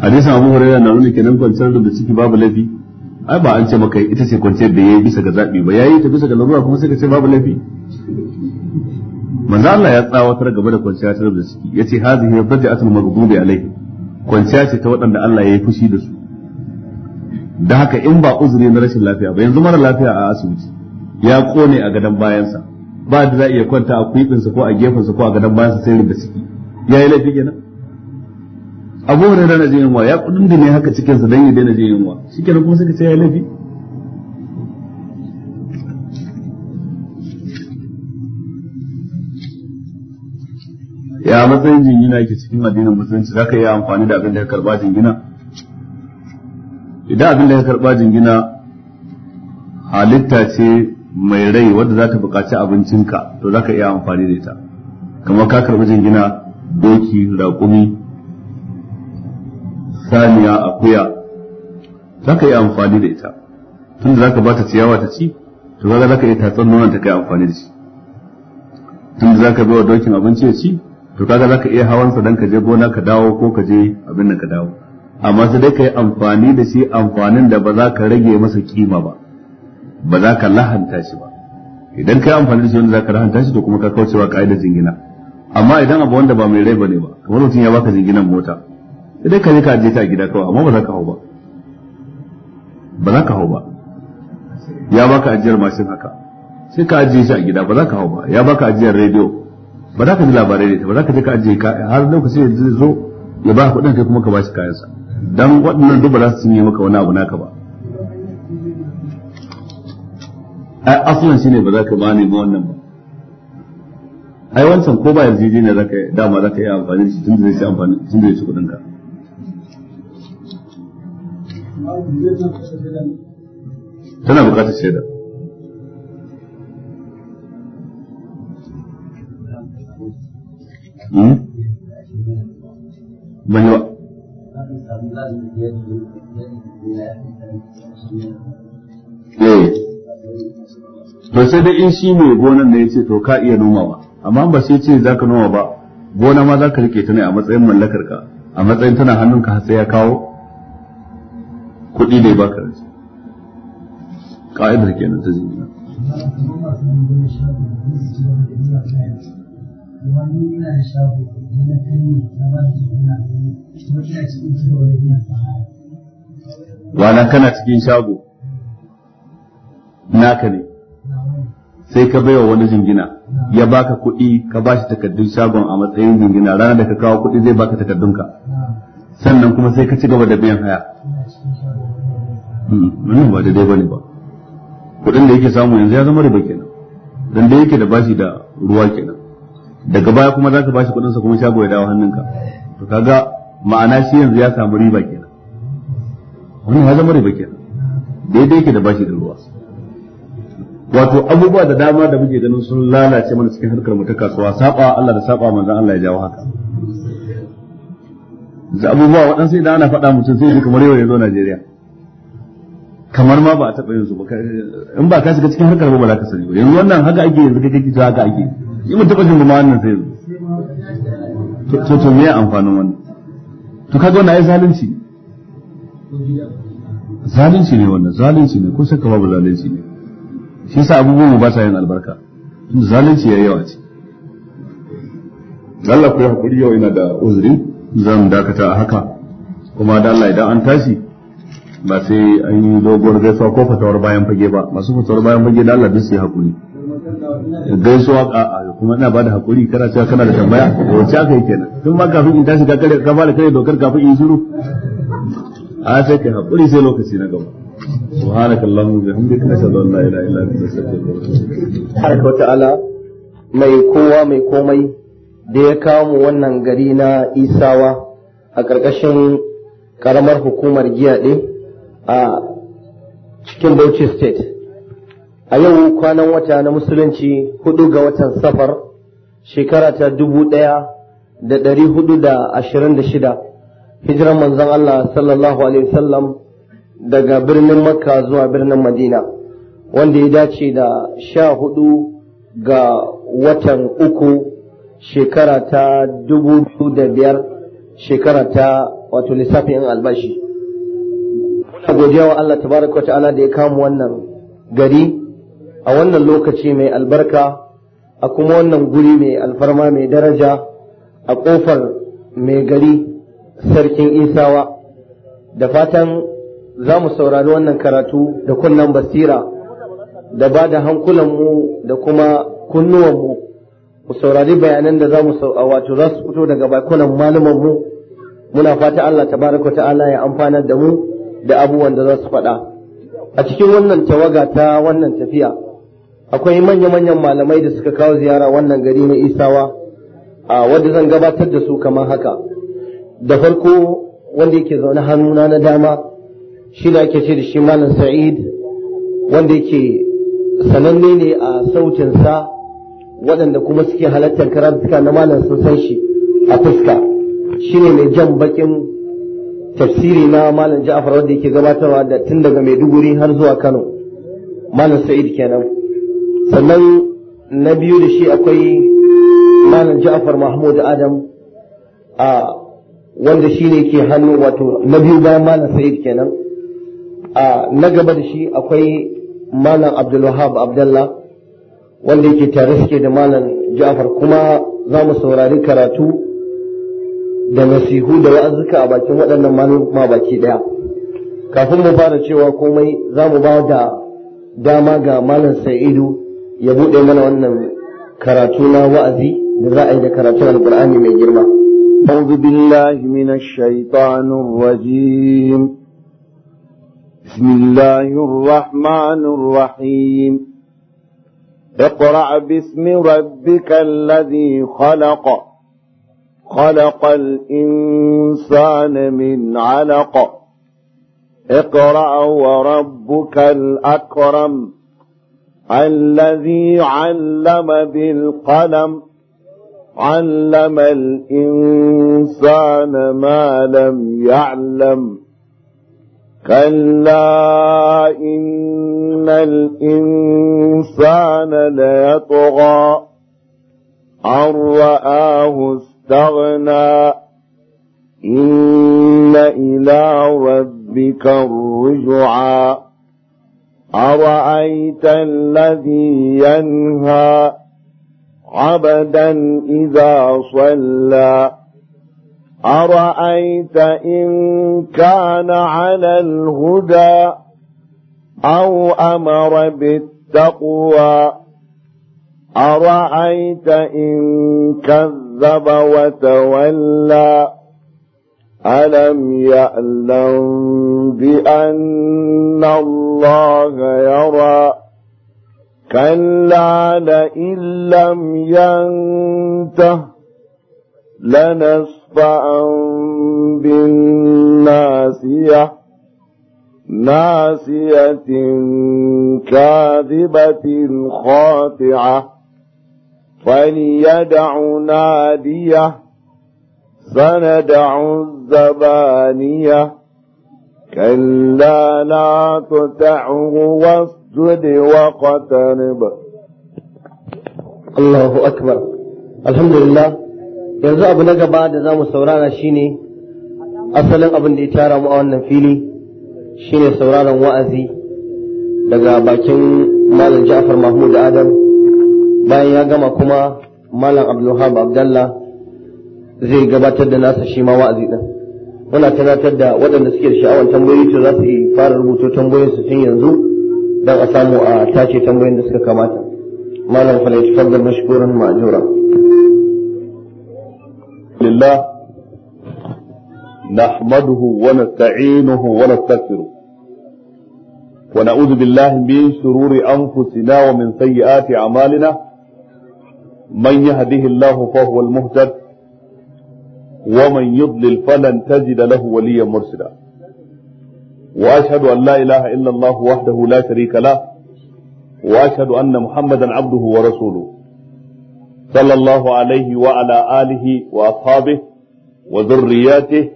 hadisin Abu Hurairah na nuna kenan kwanciyar da ciki babu laifi ai ba an ce maka ita ce kwanciyar da yayi bisa ga zabi ba yayi ta bisa ga larura kuma sai ka ce babu laifi manzo Allah ya tsawatar gaba da kwanciyar da ciki yace hazihi bid'atul maghdubi alaihi kwanciya ce ta waɗanda Allah ya yi fushi da su da haka in ba uzuri na rashin lafiya ba yanzu mara lafiya a asibiti ya kone a gadon bayansa ba da za a iya kwanta a kwibinsa ko a gefensa ko a gadon bayansa sai riga ciki ya yi laifi kenan abu wani rana jin yunwa ya kudin da ne haka cikinsa don ya daina jin yunwa kenan kuma suka ce ya yi laifi ya matsayin jingina ke cikin addinin musulunci za ka iya amfani da abin da ka karba jingina idan abin da ka karba jingina halitta ce mai rai wadda za ta buƙaci abincinka to za ka iya amfani da ita kamar ka karbi jingina doki raƙumi saniya akuya za ka iya amfani da ita tunda za ka ba ta ciyawa ta ci to kaga za ka iya tatsar nonon ta kai amfani da shi tunda za ka bai wa dokin abinci ya ci to kaga za ka iya hawansa don ka je gona ka dawo ko ka je abin da ka dawo amma sai dai ka yi amfani da shi amfanin da ba za ka rage masa kima ba ba za ka lahanta shi ba idan ka yi amfani da shi wanda za ka lahanta shi to kuma ka kaucewa ka'idar jingina amma idan abu wanda ba mai rai ba ne ba kamar mutum ya baka jinginan mota idan ka je ka je ta a gida kawai amma ba za ka hau ba ba za ka hau ba ya baka ajiyar mashin haka sai ka ajiye shi a gida ba za ka hau ba ya baka ajiyar rediyo ba za ka ji labarai ne ba za ka je ka ajiye har lokacin da zai zo ya ba kuɗin kai kuma ka ba shi kayansa dan waɗannan duk ba za su yi maka wani abu naka ba ai aslan shine ba za ka ba ni ba wannan ba ai wancan ko ba yarjejeniya zaka dama ka yi amfani da shi tun da zai ci amfani tun da zai ci kuɗin ka tana bukatar shaida hmm? ban yi ba Eh, to sai dai in shi ne gonan da ya ce to ka iya nomawa amma ba sai ce ka noma ba gona ma ka rike ta ne a matsayin mallakar ka a matsayin tana hannunka har sai ya kawo kuɗi ne baka rance ka'idar kenan ta jini wani wana kana cikin shago naka ne sai ka baiwa wani jingina ya baka kuɗi ka ba shi takardun shagon a matsayin jingina ranar da ka kawo kuɗi zai baka takardunka sannan kuma sai ka ci gaba da biyan haya hmm, wannan ba daidai ne ba kuɗin da yake samu yanzu ya zama riba kenan don da yake da bashi da ruwa kenan daga baya kuma za ka bashi kudinsa kuma shago ya dawo hannunka to kaga ma'ana shi yanzu ya samu riba kenan wannan ya zama riba kenan daidai yake da bashi da ruwa wato abubuwa da dama da muke ganin sun lalace mana cikin harkar mu ta kasuwa saba Allah da saba manzon Allah ya jawo haka za abubuwa waɗansu idan ana faɗa mutum sai kamar yau ya zo Najeriya kamar ma ba a taɓa yin su ba in ba ka shiga cikin harkar ba ba za ka sani ba yanzu wannan haka ake yanzu kake ji haka ake yi mu taɓa jin ba sai zo to to me amfanin wannan to kaga wannan ai zalunci zalunci ne wannan zalunci ne ko shakka babu zalunci ne shi yasa abubuwan mu ba sa yin albarka tunda zalunci yayi yawa ce Allah ku yi hakuri yau ina da uzuri zan dakata a haka kuma da Allah idan an tashi ba sai an yi dogon gaisuwa ko fatawar bayan fage ba masu fatawar bayan fage da Allah duk su yi hakuri gaisuwa a kuma ina bada hakuri kana cewa kana da tambaya wace aka yi kenan tun ma kafin in tashi ka kare ka fara kare dokar kafin in shiru a sai kai hakuri sai lokaci na gaba subhanaka allahumma bihamdika ashhadu an la ilaha illa anta astaghfiruka wa atubu ilayk ta'ala mai kowa mai komai da ya kawo mu wannan gari na Isawa a ƙarƙashin ƙaramar hukumar giya ɗin a cikin Bauchi state a yau kwanan wata na musulunci hudu ga watan safar shekara ta dubu ɗaya da dari hudu da ashirin da shida hijiran manzon Allah sallallahu alaihi wasallam daga birnin makka zuwa birnin madina wanda ya dace da sha hudu ga watan uku shekara ta dubu biyu da biyar shekara ta wato lissafin albashi godiya wa Allah tabaraka wa ta'ala da ya kama wannan gari a wannan lokaci mai albarka a kuma wannan guri mai alfarma mai daraja a ƙofar mai gari sarkin isawa da fatan za mu saurari wannan karatu da kunnan basira da ba da hankulanmu da kuma kunnuwanmu mu saurari bayanan da za mu wato za su fito daga bakunan malumanmu muna fata Allah tabaraka ta'ala ya amfanar da mu da abubuwan da za su faɗa a cikin wannan tawaga ta wannan tafiya akwai manya-manyan malamai da suka kawo ziyara wannan gari na isawa a wadda zan gabatar da su kamar haka da farko wanda yake zaune hannuna na dama shi da ake ce da shi malam sa'id wanda yake sananne ne a sautinsa waɗanda kuma suke halartar karatuka na malam sun san shi a fuska shi ne mai jan bakin tafsiri na malam ja'afar wanda yake gabatarwa da tun daga maiduguri har zuwa kano malam sa'id kenan sannan na biyu da shi akwai malam ja'far mahmud adam a wanda shi ne ke hannu wato na biyu bayan malam sa'id kenan a na gaba da shi akwai malam abdulwahab abdallah wanda yake tare suke da malam ja'far kuma za mu saurari karatu da nasihu da wa'azuka a bakin waɗannan malama baki ɗaya kafin mu fara cewa komai za mu ba da dama ga malam sa'idu ya buɗe mana wannan karatu na wa'azi da za a yi da karatun alƙur'ani mai girma أعوذ بالله من الشيطان الرجيم بسم الله الرحمن الرحيم اقرأ باسم ربك الذي خلق خلق الإنسان من علق اقرأ وربك الأكرم الذي علم بالقلم علم الإنسان ما لم يعلم كلا إن الإنسان ليطغى أن رآه استغنى إن إلى ربك الرجعى أرأيت الذي ينهى عبدا إذا صلى أرأيت إن كان على الهدى أو أمر بالتقوى أرأيت إن كذب وتولى ألم يألم بأن الله يرى كلا لئن لم ينته لنسفعا بالناسية ناسية كاذبة خاطعة فليدع ناديه سندع الزبانية كلا لا تطعه واسجد واقترب الله أكبر الحمد لله yanzu abu na gaba da za mu saurara ne asalin abin da ya tara mu a wannan fili shine sauraron wa'azi daga bakin malam ja'far mahmud adam bayan ya gama kuma malam abdulhab abdallah zai gabatar da nasa shi ma wa'azi din muna tunatar da waɗanda suke da sha'awar tambayoyi to za su fara rubuto tambayoyin su tun yanzu dan a samu a tace tambayoyin da suka kamata malam falai tafaddal mashkuran ma'jura lillah نحمده ونستعينه ونستغفره ونعوذ بالله من شرور أنفسنا ومن سيئات أعمالنا من يهده الله فهو المهتد ومن يضلل فلن تجد له وليا مرشدا واشهد ان لا اله الا الله وحده لا شريك له واشهد ان محمدا عبده ورسوله صلى الله عليه وعلى اله واصحابه وذرياته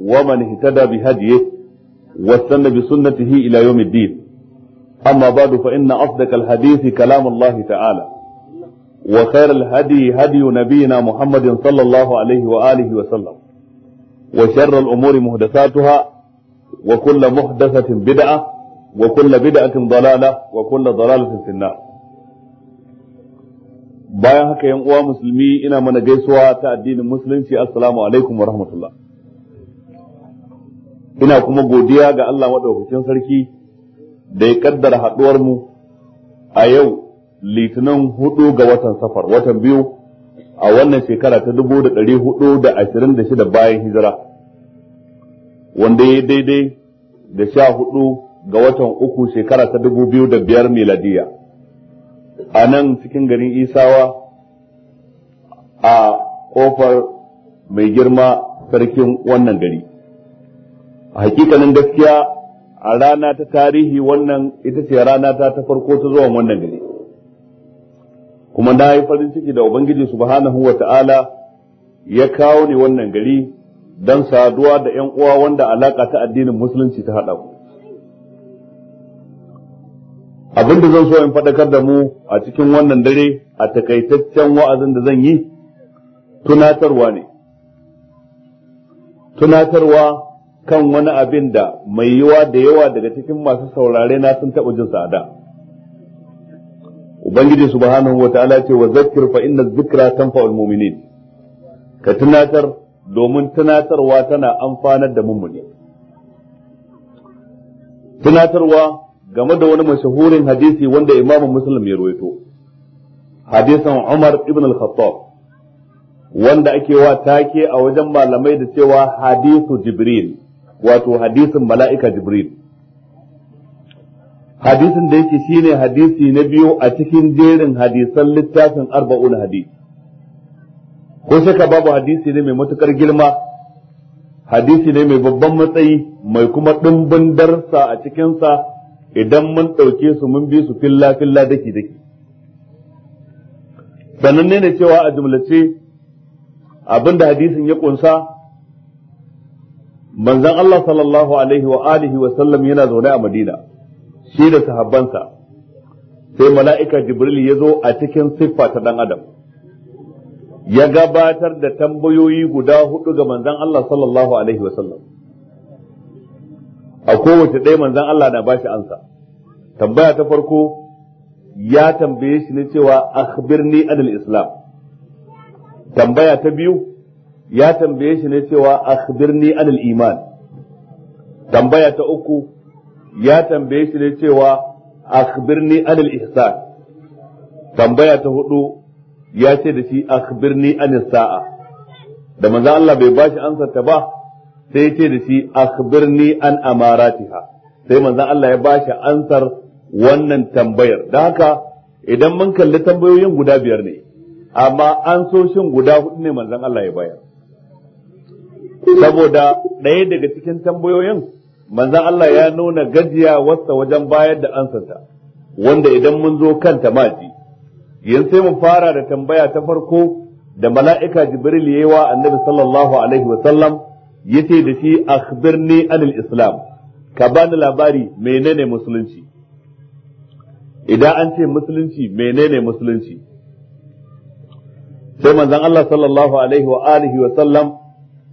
ومن اهتدى بهديه واستنى بسنته الى يوم الدين اما بعد فان اصدق الحديث كلام الله تعالى وخير الهدي هدي نبينا محمد صلى الله عليه وآله وسلم وشر الأمور Wakulla وكل محدثة بدعة وكل بدعة ضلالة وكل ضلالة في النار bayan haka yan uwa musulmi ina mana gaisuwa ta addinin musulunci assalamu alaikum wa rahmatullah ina kuma godiya ga Allah madaukakin sarki da ya kaddara haɗuwarmu mu a yau litinin hudu ga watan safar watan biyu a wannan shekara ta dubu da ɗari hudu da ashirin da shida bayan hijira wanda ya daidai da sha hudu ga watan uku shekara ta dubu biyu da biyar miladiya a nan cikin garin isawa a kofar mai girma sarkin wannan gari a hakikanin gaskiya a rana ta tarihi wannan ita ce rana ta ta farko ta zuwa wannan gari kuma na yi farin ciki da ubangiji subhanahu ta'ala ya kawo ni wannan gari don saduwa da yan uwa wanda alaƙa ta addinin musulunci ta haɗa ku abin da zan so in faɗakar da mu a cikin wannan dare a takaitaccen wa'azin da zan yi tunatarwa ne tunatarwa kan wani abin da mai yiwa da yawa daga cikin masu saurare na sun taɓa jin sa'ada. ubangiji subhanahu wataala ce wa zakkir fa inna dhikra tanfa'ul mu'minin ka tunatar domin tunatarwa tana amfanar da mummuni tunatarwa game da wani mashahurin hadisi wanda imam muslim ya ruwaito hadisan umar ibn al-khattab wanda ake wa take a wajen malamai da cewa hadisu jibril wato hadisin mala'ika jibril hadisin da yake shine hadisi na biyu a cikin jerin hadisan littafin arba'un hadisi ko shaka babu hadisi ne mai matukar girma hadisi ne mai babban matsayi mai kuma ɗumbin darsa a cikinsa idan mun ɗauke su mun bi su filla filla daki daki sannan ne cewa a jumlace abinda hadisin ya kunsa manzon Allah sallallahu alaihi wa alihi wa sallam yana zaune a Madina shi da sahabbansa sai mala'ika jibril ya zo a cikin siffa ta ɗan adam ya gabatar da tambayoyi guda hudu ga manzan Allah sallallahu alaihi wasallam a kowace ɗaya manzan Allah na bashi ansa tambaya ta farko ya tambaye shi ne cewa akhbirni anil islam tambaya ta biyu ya tambaye shi ne cewa akhbirni anil iman tambaya ta uku ya tambaye shi ne cewa akhbirni anil ihsan tambaya ta hudu ya ce da shi akhbirni anil sa'a da manzo Allah bai bashi ansar ta ba sai ya ce da shi akhbirni an amaratiha sai manzo Allah ya bashi ansar wannan tambayar da haka idan mun kalli tambayoyin guda biyar ne amma an so shin guda hudu ne manzon Allah ya bayar saboda ɗaya daga cikin tambayoyin manzan Allah ya nuna gajiya wasta wajen bayar da ansata wanda idan mun zo kanta maji yanzu sai mu fara da tambaya ta farko da mala'ika jibril yayi wa annabi sallallahu alaihi wa sallam yace da shi a akhbirni anil islam ka bani labari menene musulunci idan an ce musulunci menene musulunci sai manzan Allah sallallahu alaihi wa alihi wa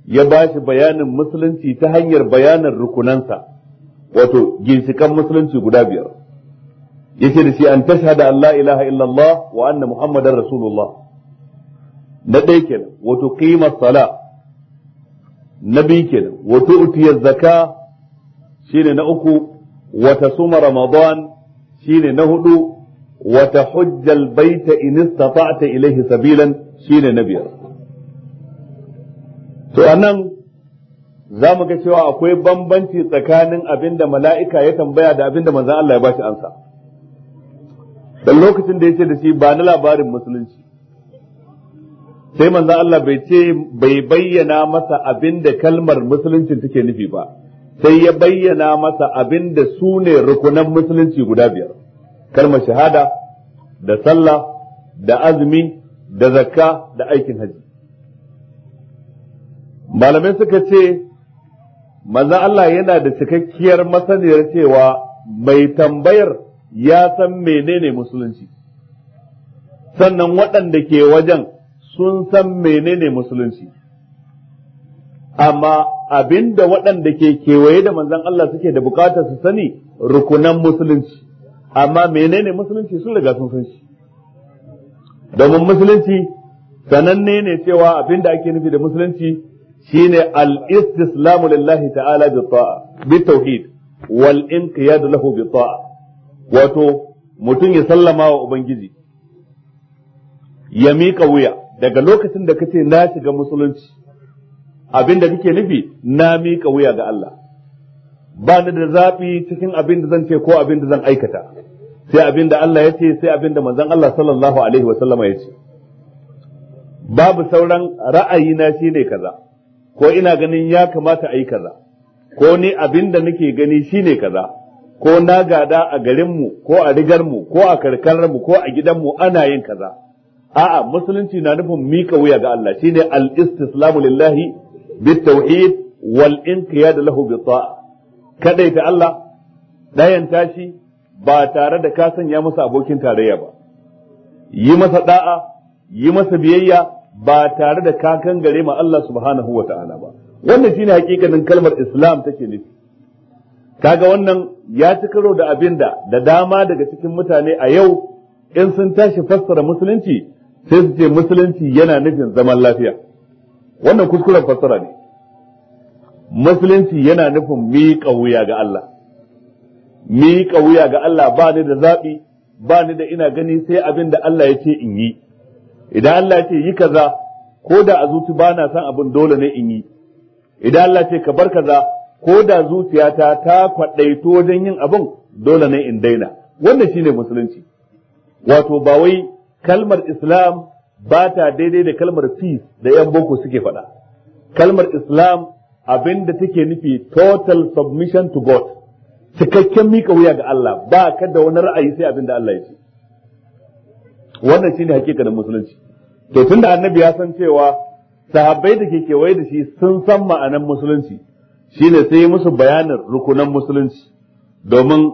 ya ba shi bayanin musulunci ta hanyar bayanin rukunansa wato ginshikan musulunci guda biyar yace da shi an tashhada an la ilaha illallah wa anna muhammadar rasulullah na ɗaya kenan wato qimar sala na biyu kenan wato utiyar zaka shine na uku wata suma ramadan shine na hudu wata hujjal baita in istata'ta ilaihi sabilan shine na biyar to anan za mu ga cewa akwai bambanci tsakanin abin da mala'ika ya tambaya da abin da manzan Allah ya bashi ansa dan lokacin da ya ce da shi ba na labarin musulunci sai manzan Allah bai ce bai bayyana masa abin da kalmar musulunci take nufi ba sai ya bayyana masa abin da su ne rukunan musulunci guda biyar kalmar shahada da sallah da azumi da zakka da aikin hajji malamai suka ce manzon Allah yana da cikakkiyar masaniyar cewa mai tambayar ya san menene musulunci sannan waɗanda ke wajen sun san menene musulunci amma abinda waɗanda ke kewaye da manzan Allah suke da bukatar su sani rukunan musulunci amma menene musulunci sun riga sun san shi domin musulunci sananne ne cewa abinda ake nufi da musulunci shine al-istislamu lillahi ta'ala bi ta'a bi tauhid wal inqiyad lahu bi ta'a wato mutum ya sallama wa ubangiji ya mika wuya daga lokacin da kace na shiga musulunci abinda kake nufi na mika wuya ga Allah ba ni da zaɓi cikin abin da zan ce ko abin da zan aikata sai abin da Allah ya ce sai abin da manzon Allah sallallahu alaihi wa sallama ya ce babu sauran ra'ayi na shine kaza ko ina ganin ya kamata a yi kaza ko ni abin da nake gani shine kaza ko na gada a garinmu ko a rigar mu ko a mu ko a gidan mu ana yin kaza a'a musulunci na nufin mika wuya ga Allah shine al-istislamu lillahi bitawhid wal inqiyad lahu bi ta'a kadaita Allah dayan tashi ba tare da ka sanya masa abokin tarayya ba yi masa da'a yi masa biyayya ba tare da kakan gare ma Allah subhanahu wa ta'ala ba wannan shine hakikanin kalmar islam take nufi kaga wannan ya ci karo da abinda da dama daga cikin mutane a yau in sun tashi fassara musulunci sai su ce musulunci yana nufin zaman lafiya wannan kuskuren fassara ne musulunci yana nufin miƙa wuya ga Allah miƙa wuya ga Allah ba ni da zaɓi ba ni da ina gani sai abin da Allah ya ce in yi idan Allah ya ce yi kaza ko da a zuci ba na son abin dole ne in yi idan Allah ce ka bar kaza ko da zuciyata ta kwaɗaito wajen yin abin dole ne in daina wannan shine musulunci wato ba wai kalmar islam ba ta daidai da kalmar peace da yan boko suke faɗa kalmar islam abin da take nufi total submission to god cikakken mika wuya ga Allah ba ka wani ra'ayi sai abin da Allah ya ce wannan shine hakikanin musulunci to tunda annabi ya san cewa sahabbai da ke kewaye da shi sun san ma'anan musulunci shine sai musu bayanin rukunan musulunci domin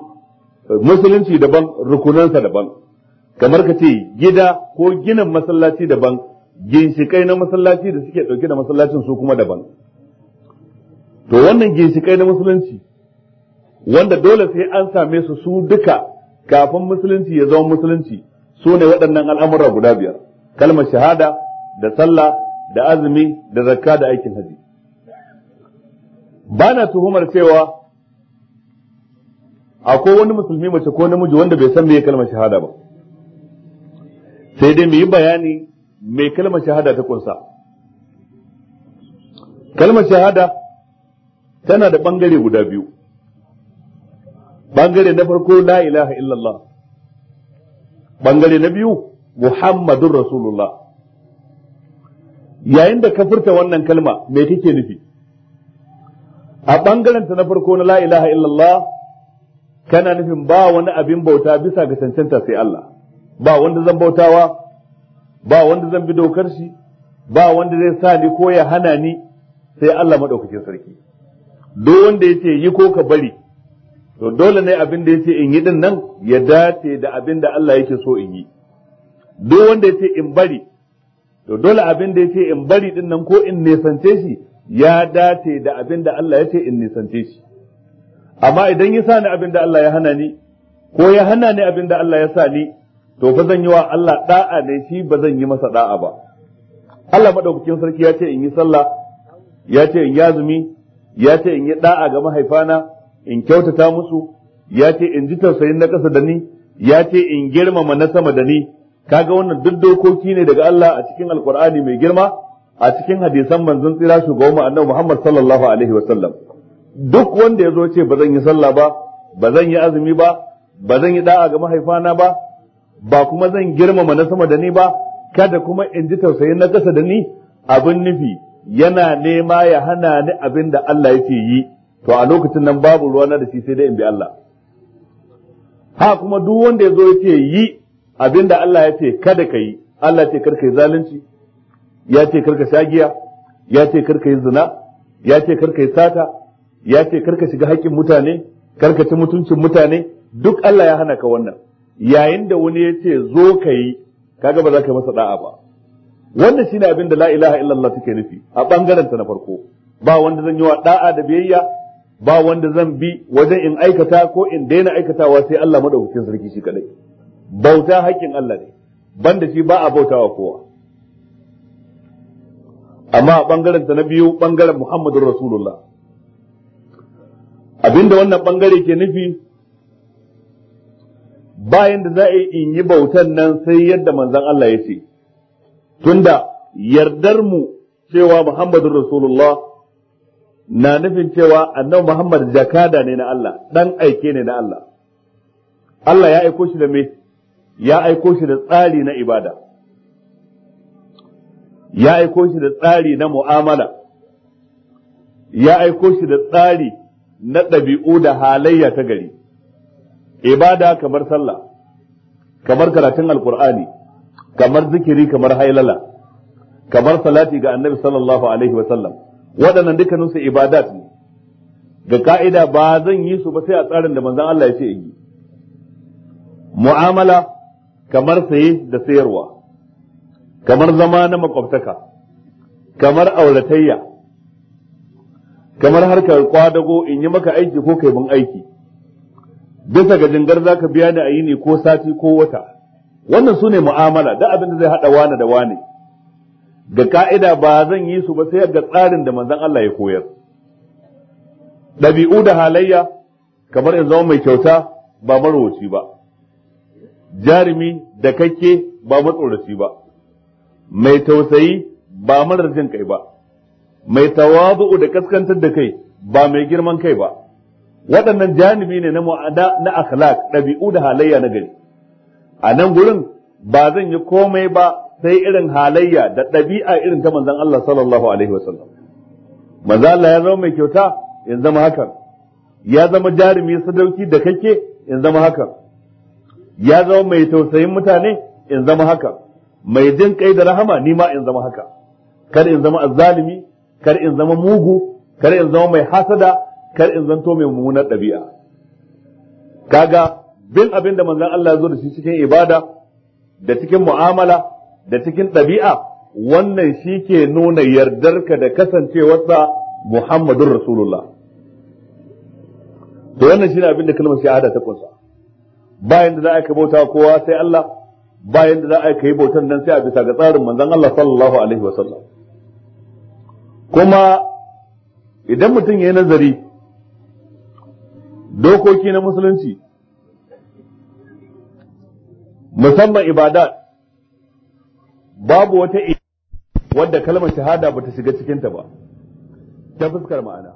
eh, musulunci daban rukunansa daban kamar ka ce gida ko ginin masallaci daban ginshikai na masallaci da suke ɗauke da masallacin su kuma daban to wannan ginshikai na musulunci wanda dole sai an same su su duka kafin musulunci ya zama musulunci su ne waɗannan al'amura guda biyar kalmar shahada da sallah da azumi da zakka da aikin haji ba na tuhumar cewa akwai wani musulmi mace ko namiji wanda bai san meye kalmar shahada ba sai dai mu yi bayani me kalmar shahada ta kunsa kalmar shahada tana da bangare guda biyu bangare na farko la ilaha illallah bangare na biyu muhammadun rasulullah yayin da ka furta wannan kalma me take nufi a bangaren ta na farko na la ilaha illallah kana nufin ba wani abin bauta bisa ga cancanta sai Allah ba wanda zan bautawa ba wanda zan bi dokar shi ba wanda zai sa ni ko ya hana ni sai Allah madaukakin sarki duk wanda yace yi ko ka bari to dole ne abin da yace in yi din nan ya dace da abin da Allah yake so in yi duk wanda yace in bari to dole abin da yace in bari din nan ko in nisance shi ya dace da abin da Allah yace in nisance shi amma idan ya sa ni abin da Allah ya hana ni ko ya hana ni abin da Allah ya sa ni to fa zan yi wa Allah da'a ne shi ba zan yi masa da'a ba Allah madaukakin sarki ya ce in yi sallah ya ce in yazumi ya ce in yi da'a ga mahaifana in kyautata musu ya ce in ji tausayin na ƙasa da ni ya ce in girmama na sama da ni kaga wannan duk dokoki ne daga Allah a cikin alkur'ani mai girma a cikin hadisan manzon tsira shugaban annabi Muhammad sallallahu alaihi wa sallam duk wanda ya zo ce ba zan yi sallah ba ba zan yi azumi ba ba zan yi da'a ga mahaifana ba ba kuma zan girmama na sama da ni ba kada kuma in ji tausayin na ƙasa da ni abin nufi yana nema ya hana ni abin da Allah yake yi to a lokacin nan babu ruwa na da shi sai dai in bi Allah ha kuma duk wanda ya zo ya ce yi abinda Allah ya ce kada ka yi Allah ya ce karka yi zalunci ya ce karka shagiya ya ce karka yi zina ya ce karka yi sata ya ce karka shiga haƙƙin mutane karka ci mutuncin mutane duk Allah ya hana ka wannan yayin da wani ya ce zo ka yi kaga ba za ka yi masa da'a ba wannan shine abin da la ilaha illallah take nufi a bangaren ta na farko ba wanda zan yi wa da'a da biyayya ba wanda zan bi wajen in aikata ko in daina aikatawa sai Allah madaukakin sarki shi kadai bauta haƙƙin Allah ne banda shi ba a bautawa kowa amma a bangaren ta na biyu bangaren Muhammadur Rasulullah abinda wannan bangare ke nufi bayan da za a in yi bautan nan sai yadda manzon Allah ya ce tunda yardar mu cewa Muhammadur Rasulullah na nufin cewa annabi Muhammad jakada ne na Allah dan aike ne na Allah Allah ya aiko shi da me ya aiko shi da tsari na ibada ya aiko shi da tsari na mu'amala ya aiko shi da tsari na ɗabi'u da halayya ta gari ibada kamar sallah kamar karatun alkur'ani kamar zikiri kamar hailala kamar salati ga annabi sallallahu alaihi wa sallam waɗannan dukkanin su ibadat ne ga ka'ida ba zan yi su ba sai a tsarin da manzon Allah ya ce yi mu'amala kamar saye da sayarwa kamar zama na makwabtaka kamar auratayya kamar harkar kwadago in yi maka aiki ko kai mun aiki bisa ga jingar zaka biya ni a ko sati ko wata wannan su ne mu'amala da abin da zai haɗa wani da wani ga ka'ida ba zan yi su ba sai ga tsarin da manzan Allah ya koyar ɗabi'u da halayya kamar in zama mai kyauta ba marwaci ba jarumi da kake ba matsoraci ba mai tausayi ba marar jin kai ba mai tawazu'u da kaskantar da kai ba mai girman kai ba waɗannan janibi ne na mu'ada na akhlaq ɗabi'u da halayya na gari a nan gurin ba zan yi komai ba sai irin halayya da ɗabi'a irin ta manzon Allah sallallahu alaihi wasallam manzon Allah ya zama mai kyauta in zama hakan ya zama jarumi sadauki da kake in zama hakan ya zama mai tausayin mutane in zama haka mai jin kai da rahama ni ma in zama haka kar in zama azzalimi kar in zama mugu kar in zama mai hasada kar in zanto mai mummunar ɗabi'a kaga bin abin da manzon Allah ya zo da shi cikin ibada da cikin mu'amala da cikin ɗabi'a wannan shi ke nuna yardarka da kasancewarsa Muhammadun Rasulullah. To wannan shi ne abin da kalmar shahada ta kunsa. Bayan da za a yi bauta kowa sai Allah, bayan da za a yi bautan nan sai a bisa ga tsarin manzon Allah sallallahu alaihi wa sallam. Kuma idan mutum ya yi nazari dokoki na musulunci musamman ibadat babu wata wadda kalmar shahada bata shiga cikinta ba ta fuskar ma'ana